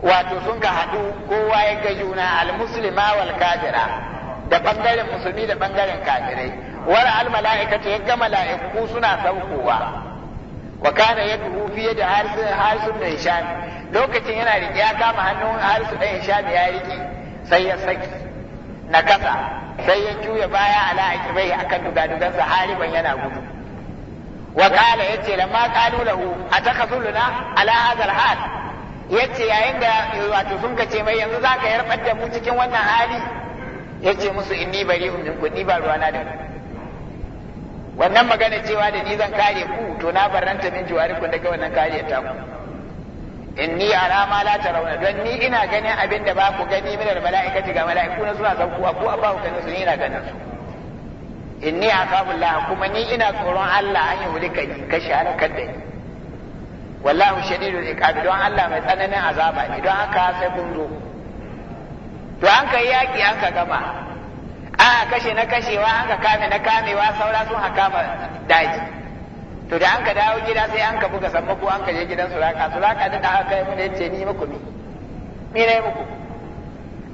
wato sun ka haɗu kowa ya ga juna almuslima wal kafira da bangaren musulmi da bangaren kafirai war al ta ya ga mala'iku suna saukowa wa kana yadu fi yadi harsun da hisham lokacin yana riƙe ya kama hannun harsu da hisham ya riƙe sai ya saki na kasa sai ya juya baya ala bai akan dugadugansa hariban yana gudu wa kala yace lamma qalu lahu atakathuluna ala hadha alhal yace yayin da wato sun kace mai yanzu zaka yarbar da mu cikin wannan hali yace musu inni bari'un min kunni ba ruwana da wannan magana cewa da ni zan kare ku to na barranta min juwarikun daga wannan kariya ta ku inni ara ma la tarawna don ni ina ganin abin da ba ku gani min al mala'ikati ga mala'iku na suna saukuwa ko ba ku ganin su ni ina ganin su inni akhafu Allah kuma ni ina tsoron Allah an wuri ni kashi halakar da ni wallahu shadidul iqab don Allah mai tsananin azaba ne don haka sai kun zo to an kai yaki an ka gama an kashe na kashewa an ka kame na kamewa saura sun ba daji to da an ka dawo gida sai an ka buga sammako an ka je gidan suraka suraka da aka kai mun ce ni muku ni ne muku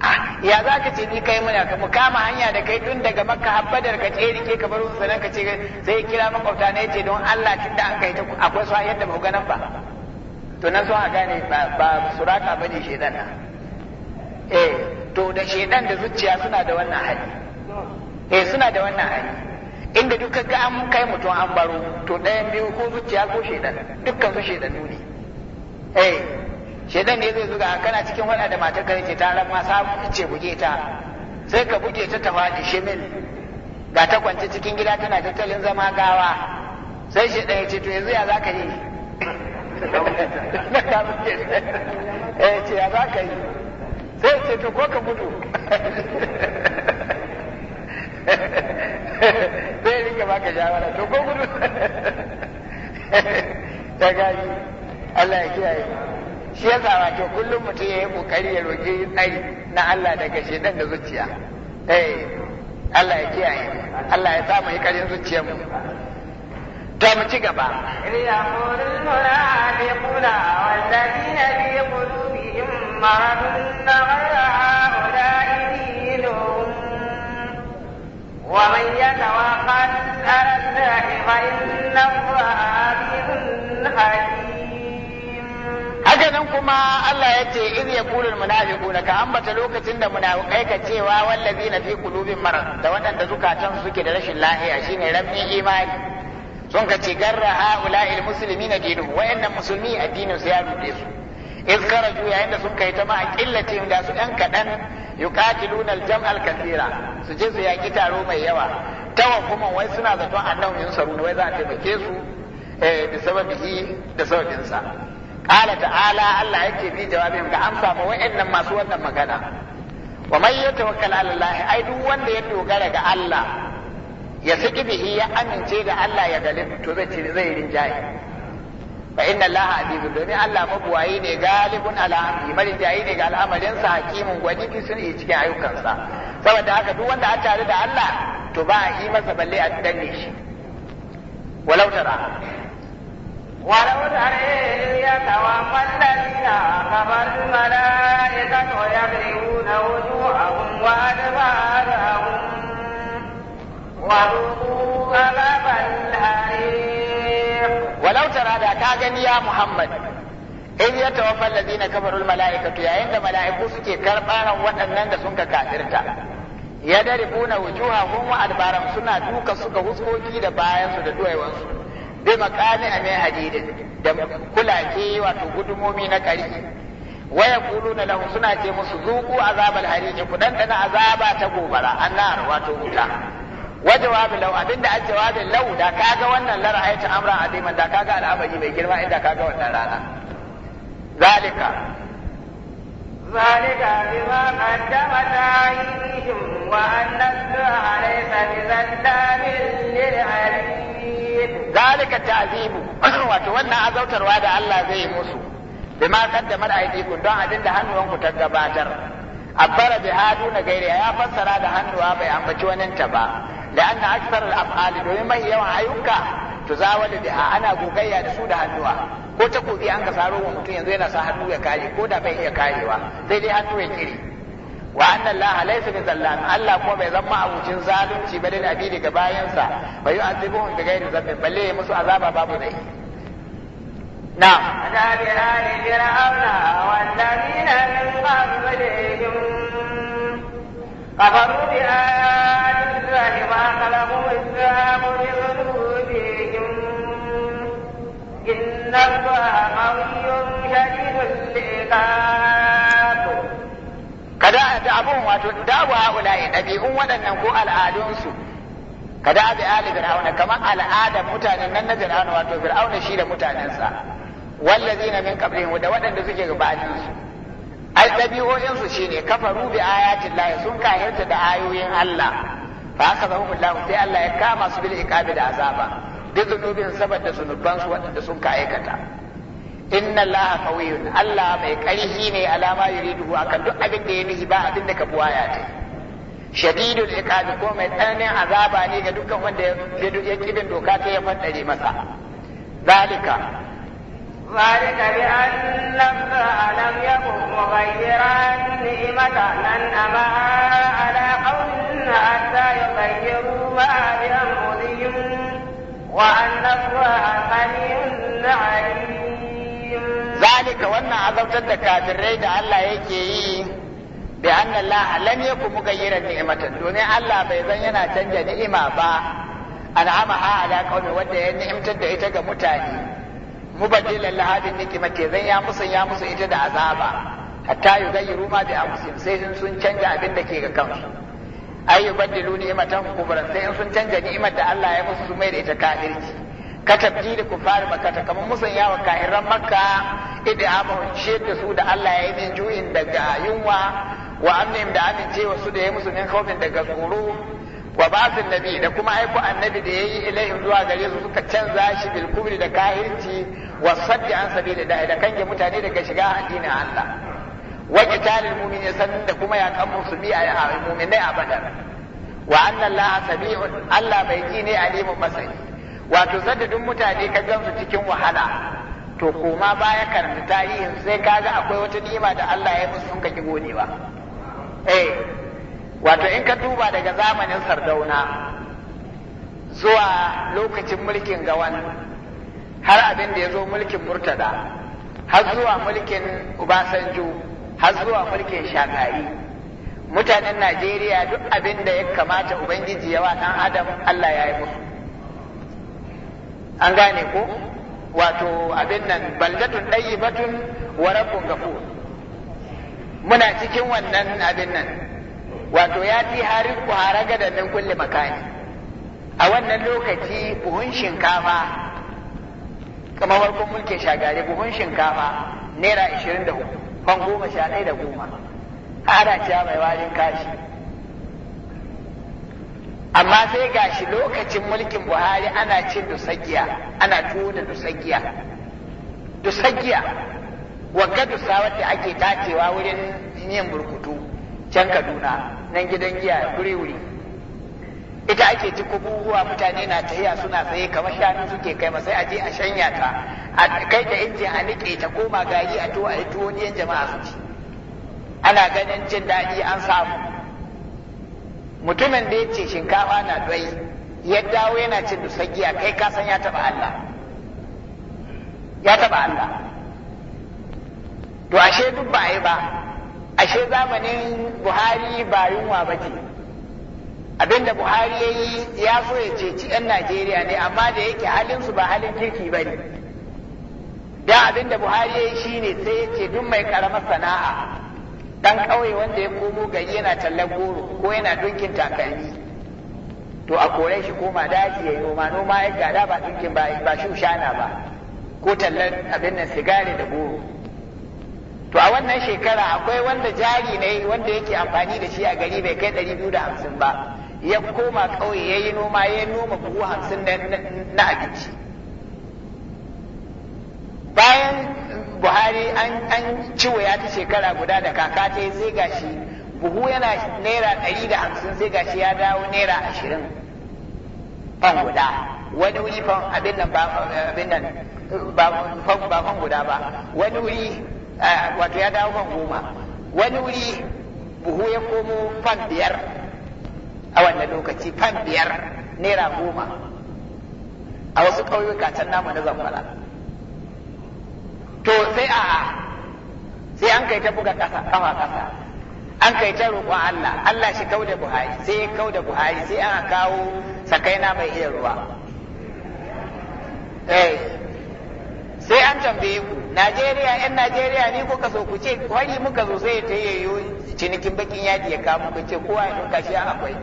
ah ya za ka ce ni kai mana ka mu kama hanya da kai tun daga makka habbadar ka tsere ke ka baro sanan ka ce sai kira makwabta na yace don Allah tunda an kai ta akwai su yadda ba ganan ba to nan sun a gane ba ba suraka bane shedan na eh to da shedan da zuciya suna da wannan hali eh suna da wannan hali inda duka ga an kai mutum an baro to ɗayan biyu ko zuciya ko shedan dukkan su shedanu ne eh shedan ne zai zuga kana cikin wada da matar kare ce ta ramma samu ce buge ta sai ka buge ta ta faɗi shimin ga ta kwanci cikin gida tana tattalin zama gawa sai shi ya ce to yanzu ya za yi <laughs> eh ce ya za yi sai ce to ko ka gudu zai ka baka shawara to ko gudu <laughs> ta gaji Allah ya kiyaye shi yasa wato kullum mutum ya yi kokari ya roki tsari na Allah daga shedan da zuciya eh Allah ya kiyaye Allah ya sa mu yi karin zuciyarmu? Ta mu ci gaba ne yaqulul munafiquna wallazina fi qulubihim maradun ghayra ha'ula'i ومن يتوكل على الله فإن الله عزيز حكيم haka nan kuma Allah ya ce iz yaqulul munafiquna ka ambata lokacin da munafikai ka cewa na fi qulubin marad da waɗanda zukatan suke da rashin lahiya shine ramin imani sun ka ce garra haula'il muslimina dinuhu wayannan musulmi addinin su ya rude su iz karaju yayin da sun kai ta ma qillatin da su ɗan kaɗan yuqatiluna al-jam'a kathira su je su yaki taro mai yawa tawakkuman wai suna zaton annabi saru wai za a taimake su eh da sababihi da sababinsa qala ta'ala Allah ya ce bi jawabin ga amsa wa'in nan masu wannan magana wa man yatawakkal ala Allah ai duk wanda ya dogara ga Allah ya saki bihi ya amince ga Allah ya galib to zai ce zai rinjaye fa inna Allah domin Allah mabuwayi ne galibun ala amri rinjaye ne ga al'amarin sa hakimin gwani fi sun yi cikin ayyukansa saboda haka duk wanda a tare da Allah to ba a yi masa balle a ne shi walau tara ولو ترى إذ يتوفى الذين كفروا الملائكة يضربون وجوههم وأدبارهم وذوقوا عذاب ولو ترى يا محمد in ya mala'ikatu yayin da mala'iku suke karbaran waɗannan da sun ka kafirta ya daribuna wujuhahum wa adbaram suna duka suka huskoki da bayansu da duwayewansu bi makami a min hadidin da kulake wato gudumomi na ƙarfi kulu na lahu suna ce musu zuku azabal harij ku dan dana azaba ta gobara annar wato wuta wa jawabi law abinda a jawabin law da kaga wannan la ra'ayta amran aziman da kaga al'amari mai girma inda kaga wannan rana zalika ذلك بما قدمت أيديهم وأن الله ليس بظلام للعبيد zalika ta'zibu wato wannan azautarwa da Allah zai yi musu bima qaddamar aydikum don abin da hannuwanku ta gabatar abbara bi na gairi ya fassara da hannuwa bai ambaci wani ta ba da anna aktsar al-af'ali domin mai yawan ayyuka tuzawali da ana gogayya da su da hannuwa ko ta kofi an ka saro wa mutum yanzu yana sa hannu ya kare ko da bai iya karewa sai dai hannu ya kiri wa anna allaha laysa bi zallam allah kuma bai zama abucin zalunci ba lil abidi ga bayansa bai yu'azibuhum bi ghairi dhanbin balle ya musu azaba babu dai na'am ana bi ali fir'auna wal ladina min qablihim kafaru bi ayati allahi wa qalahum islamu bi qulubihim inna allaha qawiyyun shadidul iqab kada da abun wato da wa ulai dabi'un waɗannan ko al'adunsu kada bi ali fir'auna kamar al'adar mutanen nan na fir'auna wato fir'auna shi da mutanensa wallazina min qablihim da waɗanda suke gabanin su ai dabi'o'in su shine kafaru bi ayatin lahi sun kahirta da ayoyin Allah fa haka zahu Allah sai Allah ya kama su bil iqabi da azaba duk zunubin saboda zunuban su waɗanda sun ka aikata inna Allah qawiyyun Allah mai ƙarfi ne alama a kan duk abin da ya nufi ba abin da ka buwaya ta shadidul iqabi ko mai tsananin azaba ne ga dukkan wanda ya kibin doka ta ya faddare masa zalika ذلك بأن الله لم يكن مغيرا نعمة أنعمها على قوم حتى يغيروا ما بأنفسهم وأن الله غني عليم zalika wannan azabtar da kafirai da Allah yake yi bi anna Allah lam yakun mugayyira ni'matan domin Allah bai zan yana canja ni'ima ba an'ama ha ala qaumi wanda ya ni'imtar da ita ga mutane mubaddilan laha bi nikmati zan ya musu ya musu ita da azaba hatta yughayyiru ma bi anfusihim sai in sun canja abin da ke ga kansu ay yubaddilu ni'matan kufran sai in sun canja ni'imar da Allah ya musu su mai da ita kafirci da tabdili kufar makata kamar musanya wa kahiran makka idamahum da su da Allah ya yi min juyin daga yunwa wa amnim da amincewa su da ya musu min khaufin daga tsoro wa ba'sin nabi da kuma aiko annabi da yayi ilaihim zuwa gare su suka canza shi bil da kahirci wa sabbi an sabili da da kange mutane daga shiga addinin Allah wa qitalil mu'minin sannan da kuma ya kan musu bi a mu'minai a badar wa anna Allah sabi'un Allah bai ji ne alimun masani wato sadadin mutane ka gansu cikin wahala to koma baya karanta tarihin sai kaga akwai wata nima da Allah ya musu sun ka gonewa eh wato in ka duba daga zamanin sardauna zuwa lokacin mulkin gawan har abin da ya zo mulkin murtada har zuwa mulkin Ubasanju, har zuwa mulkin shagari mutanen najeriya duk abin da ya kamata ubangiji yawa dan adam allah ya yi musu an gane ko wato abin nan baldatun ɗayyibatun wa rabbun gafur muna cikin wannan abin nan wato ya fi harin haraga da nan kulle makani a wannan lokaci buhun shinkafa kamar farkon mulkin shagari buhun shinkafa naira ashirin da hudu goma sha ɗaya da goma ana ciya mai warin kashi amma sai ga shi lokacin mulkin buhari ana cin dusagiya ana tuwo da dusagiya dusagiya wagga dusa wadda ake tacewa wurin yin burkutu can kaduna nan gidan giya wuri wuri ita ake ci kububuwa mutane na tahiya suna tsaye kamar shanu suke kai ma sai a je a shanya ta a kai da injin a nike ta koma gari a tuwo a tuwo jama'a su ci ana ganin jin daɗi an samu mutumin da ya ce shinkafa na dwai ya dawo yana cin dusagiya kai ka san ya taɓa Allah ya taɓa Allah to ashe duk ba yi ba ashe zamanin Buhari ba yunwa ba ke. abinda Buhari ya ya so ya ci 'yan Najeriya ne amma da yake su ba halin kirki ba ne da abinda Buhari ya yi shine sai ya ce duk mai karamar sana'a dan ƙauye wanda ya komo gari yana tallan goro ko yana dunkin takalmi to a kore shi koma daji ya yi noma noma ya gada ba dunkin ba ba shushana ba ko tallan abin nan sigari da goro to a wannan shekara akwai wanda jari ne wanda yake amfani da shi a gari bai kai ɗari biyu da hamsin ba ya koma ƙauye ya yi noma ya noma buhu hamsin na abinci bayan buhari an ya ta shekara guda da kaka ta yi zai gashi buhu yana naira ɗari da hamsin zai gashi ya dawo naira ashirin fan guda wani wuri fan abin nan abin nan ba fan guda ba wani wuri wato ya dawo fan goma wani wuri buhu ya komo fan biyar a wannan lokaci fan biyar naira goma a wasu ƙauyuka can namu na zamfara to sai a sai an kai ta buga kasa kafa ƙasa an kai ta roƙon Allah Allah shi kau da Buhari sai ya kau da Buhari sai an kawo sakaina mai iya ruwa eh sai an tambaye ku Najeriya yan Najeriya ni kuka so ku ce wani muka zo sai ta yi cinikin bakin yadi ya kawo ku ce kowa ya kashi shi akwai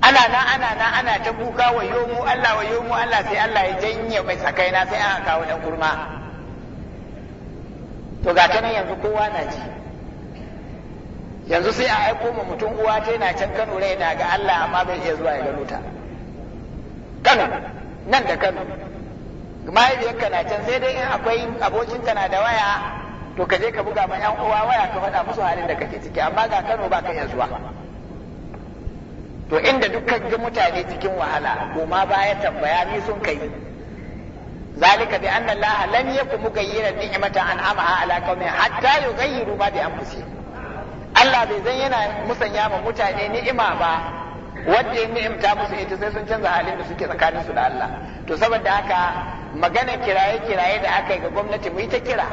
ana nan ana nan ana ta kuka wa yomu Allah wa yomu Allah sai Allah ya janye mai tsakaina sai aka kawo dan kurma to ga nan yanzu kowa na ji yanzu sai a aiko mu mutum uwa ta yana can Kano rai na ga Allah amma bai iya zuwa ya gano ta Kano nan da Kano mahaifiyarka na can sai dai in akwai abokin na da waya to ka je ka buga ma yan uwa waya ka faɗa musu halin da kake ciki amma ga Kano ba ka iya zuwa to inda dukkan ga mutane cikin wahala goma baya tambaya ni sun kai zalika bi anna allaha lam yakum mughayyiran ni'matan an'amaha ala qaumin hatta yughayyiru ma bi anfusihim Allah bai zan yana musanya ma mutane ni'ima ba wanda ya ni'imta musu ita sai sun canza halin da suke tsakanin su da Allah to saboda haka magana kiraye kiraye da aka yi ga gwamnati mu yi ta kira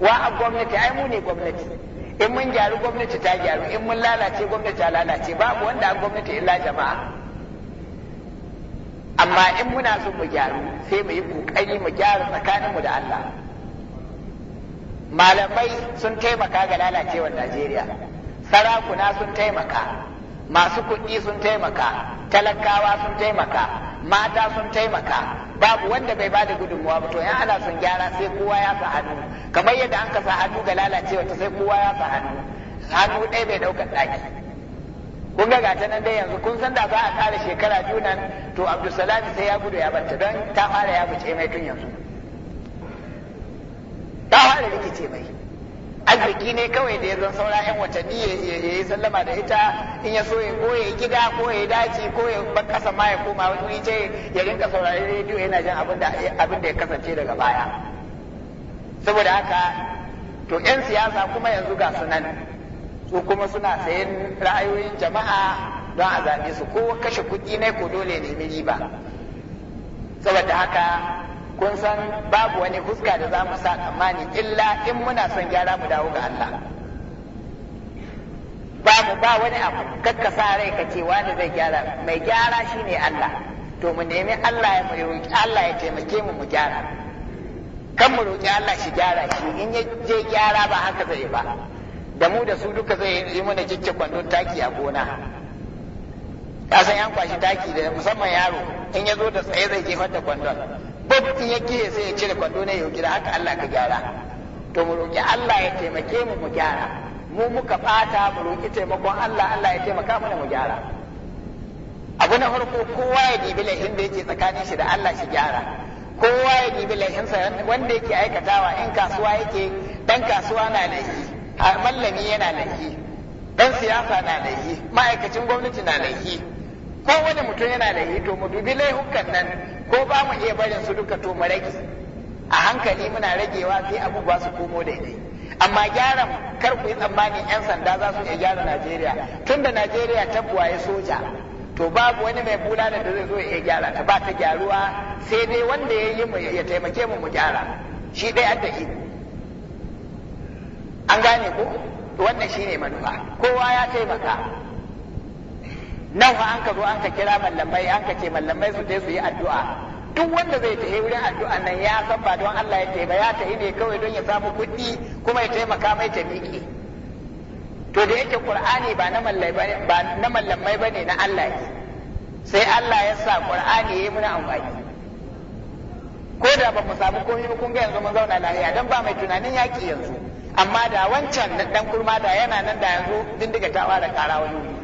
wa a gwamnati ai mu ne gwamnati in mun gyaru gwamnati ta gyaru in mun lalace gwamnati ta lalace babu wanda an gwamnati illa jama'a amma in muna so mu gyaru sai mu yi kokari mu gyara tsakanin mu da Allah malamai sun taimaka ga lalacewar Najeriya sarakuna sun taimaka masu kuɗi sun taimaka talakawa sun taimaka mata sun taimaka babu wanda bai bada gudunmuwa ba to yan ana son gyara sai kowa ya sa hannu kamar yadda an ka sa hannu ga lalacewa ta sai kowa ya sa hannu hannu ɗaya bai ɗaukar ɗaki kun ga gata nan dai yanzu kun san da za a ƙara shekara biyu to abdulsalami sai ya gudu ya batta don ta fara ya buce mai tun yanzu ta fara rikice mai arziki ne kawai da ya zan saura yan watanni ya yi sallama da ita in ya so ya goye gida ko ya dace ko ya bar kasa ma ya koma wani wuri ya rinka saurari rediyo yana jin abin da ya kasance daga baya saboda haka to yan siyasa kuma yanzu ga su nan su kuma suna sayan ra'ayoyin jama'a don a zaɓe su ko kashe kudi ne ko dole ne riba saboda haka kun san babu wani fuska da za mu sa tsammani illa in muna son gyara mu dawo ga Allah babu ba wani abu kakka sa rai ka ce wani zai gyara mai gyara shi ne Allah to mu nemi Allah ya mu roki Allah ya taimake mu mu gyara kan mu roki Allah shi gyara shi in ya je gyara ba haka zai ba da mu da su duka zai yi mana jicce kwandon taki a gona Kasan, an yan kwashi taki da musamman yaro in ya zo da tsaye zai je da kwandon bob in ya kiyaye sai ya cire kwando ne ya gida haka Allah ka gyara to mu roki Allah ya taimake mu mu gyara mu muka bata mu roki taimakon Allah Allah ya taimaka mana mu gyara abu na farko kowa ya dibi lahin da yake tsakanin shi da Allah shi gyara kowa ya dibi sa wanda yake aikatawa in kasuwa yake dan kasuwa na laifi mallami yana laifi dan siyasa na laifi ma'aikacin gwamnati na laifi ko wani mutum yana laifi to mu dubi laifukan nan ko ba mu iya barin su duka to mu rage a hankali muna ragewa sai abubuwa su komo da daidai amma gyaran kar ku yi tsammanin 'yan sanda za su iya gyara najeriya tunda najeriya ta buwaye soja to babu wani mai bula da zai zo ya gyara ta ba ta gyaruwa sai dai wanda ya yi ya taimake mu mu gyara shi dai an da an gane ko wannan shine manufa kowa ya taimaka nan fa an ka zo an ka kira mallamai an ka ce mallamai su je su yi addu'a duk wanda zai tafi wurin addu'a nan ya san ba don Allah ya tafi ba ya tafi ne kawai don ya samu kuɗi kuma ya taimaka mai ta miƙe to da yake qur'ani ba na mallamai ba na mallamai bane na Allah ne sai Allah ya sa qur'ani yayi muna amfani ko da ba mu samu komai ba kun ga yanzu mun zauna lafiya dan ba mai tunanin yaki yanzu amma da wancan dan kurma da yana nan da yanzu dindiga ta fara kara wani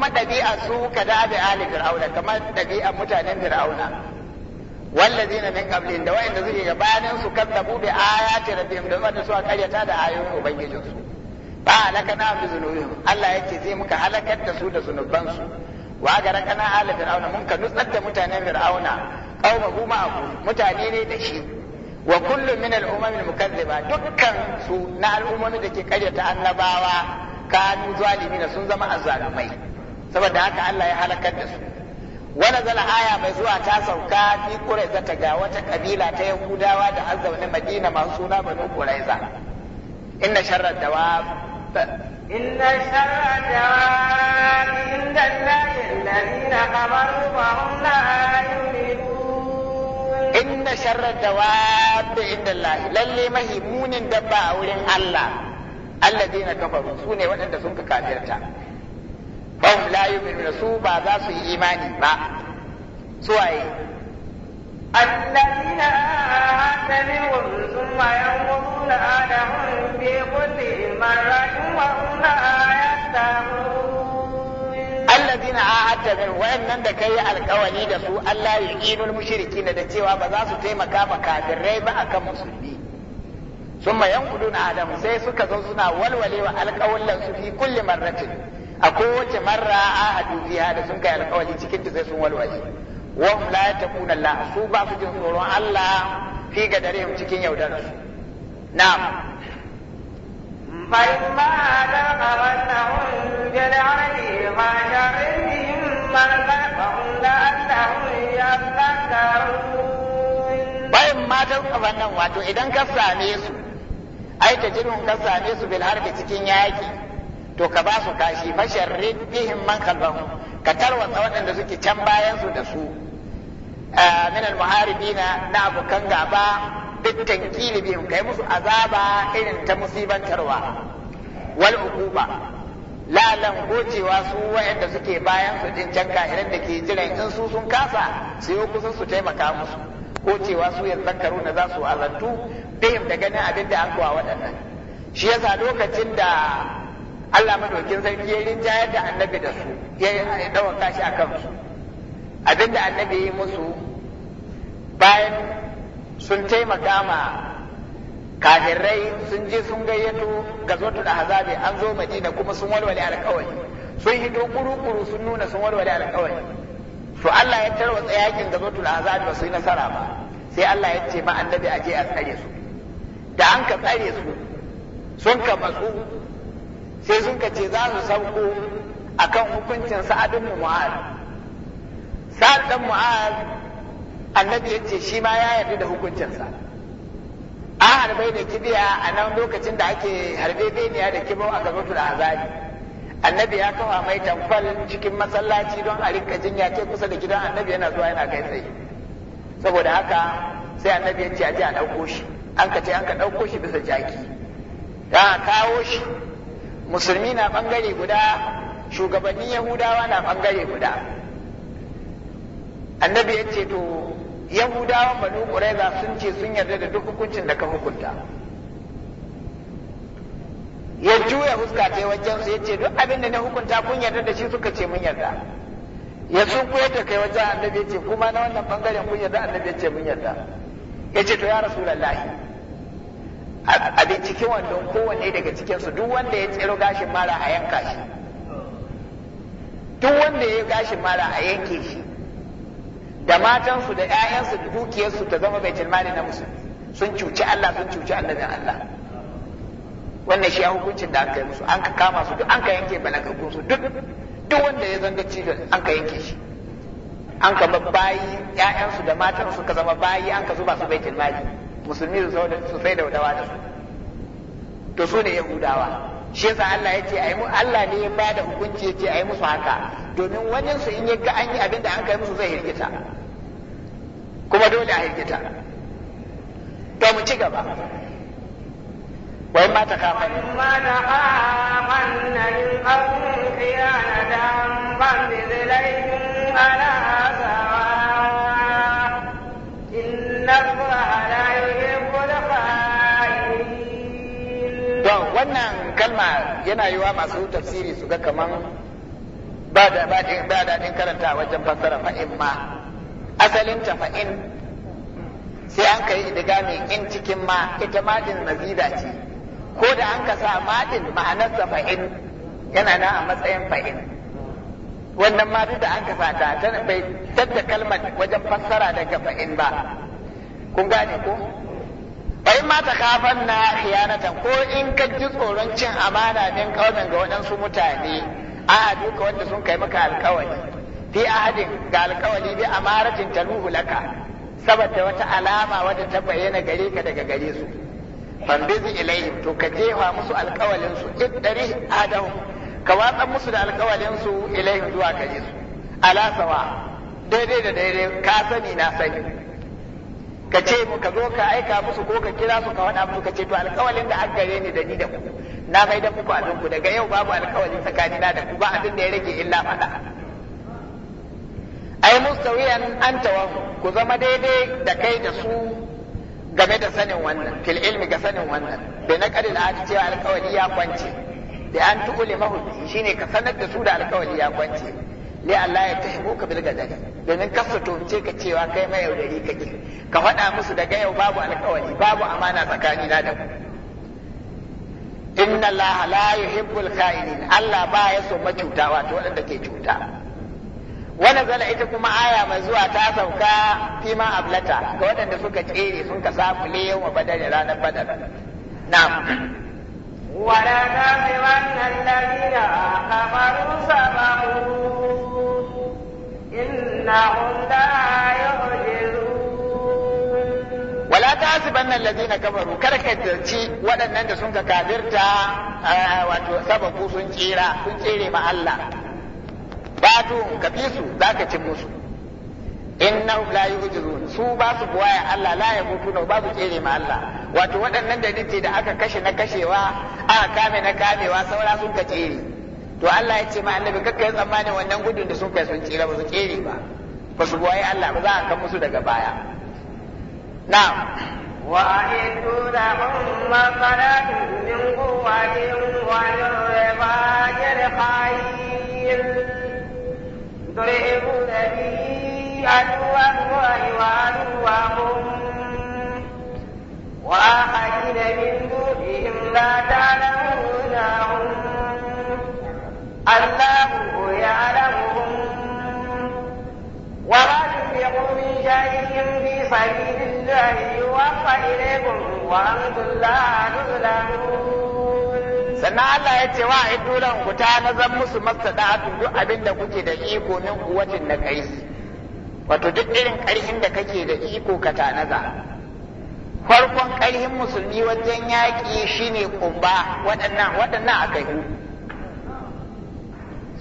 kuma ɗabi'a su ka da ali fir'auna kamar ɗabi'a mutanen fir'auna wallazina min qablihim da waɗanda suke gabanin su kazzabu bi ayati rabbihim da wanda suka karyata da ayoyin ubangijin su ba halakana bi zunubihim Allah yake zai muka halakar da su da zunuban su wa ga rakana ala fir'auna mun ka nutsar da mutanen fir'auna qauma huma aku mutane ne da shi wa kullu min al-umam al-mukazziba dukkan su na al'ummomi da ke karyata annabawa kanu na sun zama azzalumai saboda haka Allah ya halakar da su wani zala aya mai zuwa ta sauka fi ta ga wata ƙabila ta yahudawa da azzaune madina masu suna banu ƙuraiza inna sharar dawa inna sharar dawa inda lalin lalina kamar bahun na inna sharar dawa inda lahi lalle mahimunin dabba a wurin Allah alladina kafaru su ne waɗanda sun ka kafirta la yu'minuna su ba za su yi imani ba su waye? suwaye الذين آتمروا ثم ينظرون آلهم في كل مرة وهم الذين عاهدت من وإن da kai alkawari da su Allah ya ƙinul mushrikin da cewa ba za su taimaka ma kafirai ba akan musulmi summa yanquduna adam sai suka zo suna walwalewa alƙawallan su fi kulli marratin a kowace marra ahadu fiha da sun kai alƙawari cikin ta sai sun walwale wa hum la taquna la su ba su jin tsoron Allah fi mu cikin yaudar su na'am فإما لغرنهم بالعلي ما da من فهم لأنهم يذكرون bayan matan nan wato idan ka same su ai ta jirin ka same su bil harbi cikin yaki to ka ba su kashi fashar bihim man kalbahu ka tarwatsa waɗanda suke can bayansu da su min muharibi na abokan gaba duk tankili bihim kai musu azaba irin ta musibantarwa wal uquba lalan gocewa su waɗanda suke bayan su din can kahiran da ke jiran in su sun kasa su yi kusan su taimaka musu gocewa su yanzu zakaru na za su azantu bihim da ganin abin da an kowa waɗannan shi yasa lokacin da Allah madaukin sarki ya rinjayar da annabi da su ya ɗauka shi a kansu abinda annabi ya yi musu bayan sun taimaka ma kafirai sun je sun gayyato ga zotu da hazabe an zo madina kuma sun walwale alkawari sun hito kuru-kuru sun nuna sun walwale alkawari to Allah ya tarwatsa yakin ga zotu da hazabe ba su yi nasara ba sai Allah ya ce ma annabi a je a tsare su da an ka tsare su sun ka matsu sai sun ce za su sauko akan hukuncin sa'adun mu'ad sa'ad dan mu'ad annabi yace shi ma ya yarda da hukuncinsa an harbe da kibiya a nan lokacin da ake harbe beniya da kibau a da azali annabi ya kawo mai tamfal cikin masallaci don a rinka jinya ce kusa da gidan annabi yana zuwa yana kai tsaye saboda haka sai annabi ya ce a je a ɗauko shi an ka ce an ka ɗauko shi bisa jaki ya kawo shi musulmi na bangare guda shugabannin yahudawa na bangare guda annabi ya ce to yahudawan banu ƙuraiza sun ce sun yarda da duk hukuncin da ka hukunta ya juya huska ta wajen su ya ce duk abin da na hukunta kun yarda da shi suka ce mun yarda ya sun ta kai wajen annabi ya ce kuma na wannan bangaren kun yarda annabi ya ce mun yarda ya ce to ya lallahi. Abin cikin wannan kowanne daga cikinsu duk wanda ya tsiro gashin mara a yanka shi duk wanda ya gashin mara a yanke shi da matansu da 'ya'yansu da dukiyarsu ta zama bai mali na musu, sun cuci Allah sun cuci annabin Allah wannan shi ya hukuncin da aka yi musu an ka kama su duk an ka yanke balagagun su duk duk wanda ya zanga cizon an ka yanke shi an ka bayi 'ya'yansu da matansu ka zama bayi an ka zuba su bai mali musulmi su sai da wadawa da su to su ne yahudawa shi yasa Allah ya ce ai mu Allah ne ya bada hukunci ya ce ai musu haka domin wajen su in yaga ga an yi abin da an kai musu zai hirgita kuma dole a hirgita to mu ci gaba وإما تخافن وإما تخافن من على سواء إن الله لا to wannan kalma yana yiwa masu tafsiri su ga kaman ba daɗin karanta wajen fassara fa'in ma asalin ta fa'in sai an idiga mai in cikin ma ita madin mazida ce ko da an ka sa madin ma'anarsa fa'in yana na a matsayin fa'in wannan ma da an ka sa ta bai tattakalmar kalmar wajen fassara daga fa'in ba kun gane ko bai ma ta kafan na khiyanatan ko in ka ji tsoron cin amana din kaunan ga waɗansu mutane a duka wanda sun kai maka alkawari. fi ahadin ga alkawari bi amaratin tanuhu laka saboda wata alama wadda ta bayyana gare ka daga gare su fambizi ilaihim to ka jefa musu alkawalin su iddari adahu ka watsa musu da alkawalin su ilaihim zuwa gare su ala sawa daidai da daidai ka sani na sani ka ce mu ka zo ka aika musu ko ka kira su ka faɗa musu ka ce to alƙawalin da an gare ni da ni da ku na kai da muku abin daga yau babu alƙawali tsakanina da ku ba abin da ya rage illa faɗa ai mustawiyan an ku zama daidai da kai da su game da sanin wannan fil ilmi ga sanin wannan bai na kadin a cewa alƙawali ya kwance da an tu'ule mahu shine ka sanar da su da alƙawali ya kwance li Allah ya tahimu ka bil gadari domin kasu ce ka cewa kai mai yaudari kake ka faɗa musu daga yau babu alƙawari babu amana tsakani na da ku inna Allah la yuhibbul kha'inin Allah ba ya so macuta wato waɗanda ke cuta wannan zala ita kuma aya mai zuwa ta sauka fima ablata ga waɗanda suka tsere sun ka samu yau a badar ranar badar na'am ولا تحسبن الذين كفروا سبقوا إنهم لا يعجزون ولا تحسبن الذين كفروا كركت شيء ولن أنت sun كافرتا وسبقوا Allah. Ba مع الله باتوا كبيسوا ذاك musu. innahum la yu'jizun su ba su buwaya Allah la ya mutu na ba su kere ma Allah wato waɗannan da da aka kashe na kashewa aka kame na kamewa saura sun ka tsere to Allah ya ce ma annabi kakka yi tsammanin wannan gudun da sun kai sun tsira ba su tsere ba ba su buwaye Allah ba za a kan musu daga baya na wa idu da umma faradu min quwwatin wa yurfa jir khayr durihu labi aduwa wa yuwanu wa hum wa ahadina min quwwatin la ta'lamuna hum الله يعلمهم وما تنفقوا من شيء في سبيل الله يوفى إليكم وأنتم لا تظلمون sannan Allah ya ce wa idulan ku ta nazar musu mastada'atu duk abin da kuke da iko min kuwatin da kai wato duk irin ƙarfin da kake da iko ka tanaza farkon ƙarfin musulmi wajen yaƙi shine kumba waɗannan waɗannan aka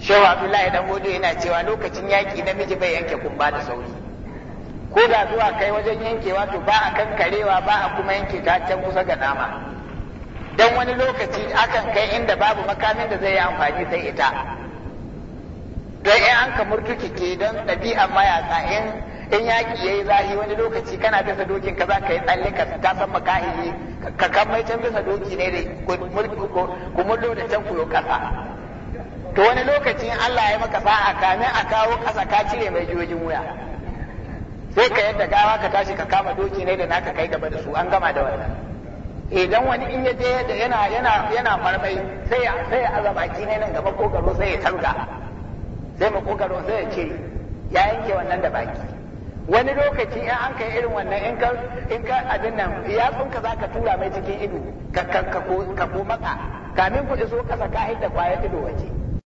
shehu abdullahi dan godo yana cewa lokacin yaƙi miji bai yanke kumba da sauri ko da zuwa kai wajen yankewa to ba a karewa ba a kuma yanke ta can kusa ga nama dan wani lokaci akan kai inda babu makamin da zai yi amfani sai ita don in an ka ke don ɗabi'a mayaƙa in in yaƙi ya yi zahi wani lokaci kana bisa dokin ka za ka yi tsalle ka ta san makahiyi ka kan mai can bisa doki ne da kumullo da can kuyo ƙasa to wani lokacin Allah ya maka sa'a kame a kawo ƙasa ka cire mai jojin wuya sai ka yadda gawa ka tashi ka kama doki ne da naka kai gaba da su an gama da wannan idan wani in ya je yana yana yana marmai sai ya sai ya azaba ki ne nan gaba kokaro sai ya targa sai mu kokaro sai ya cire ya yanke wannan da baki wani lokaci in an kai irin wannan in ka in ka abin nan yatsunka zaka tura mai cikin ido ka ka ka ko maka kamin ku iso kasa ka hidda kwaya ido waje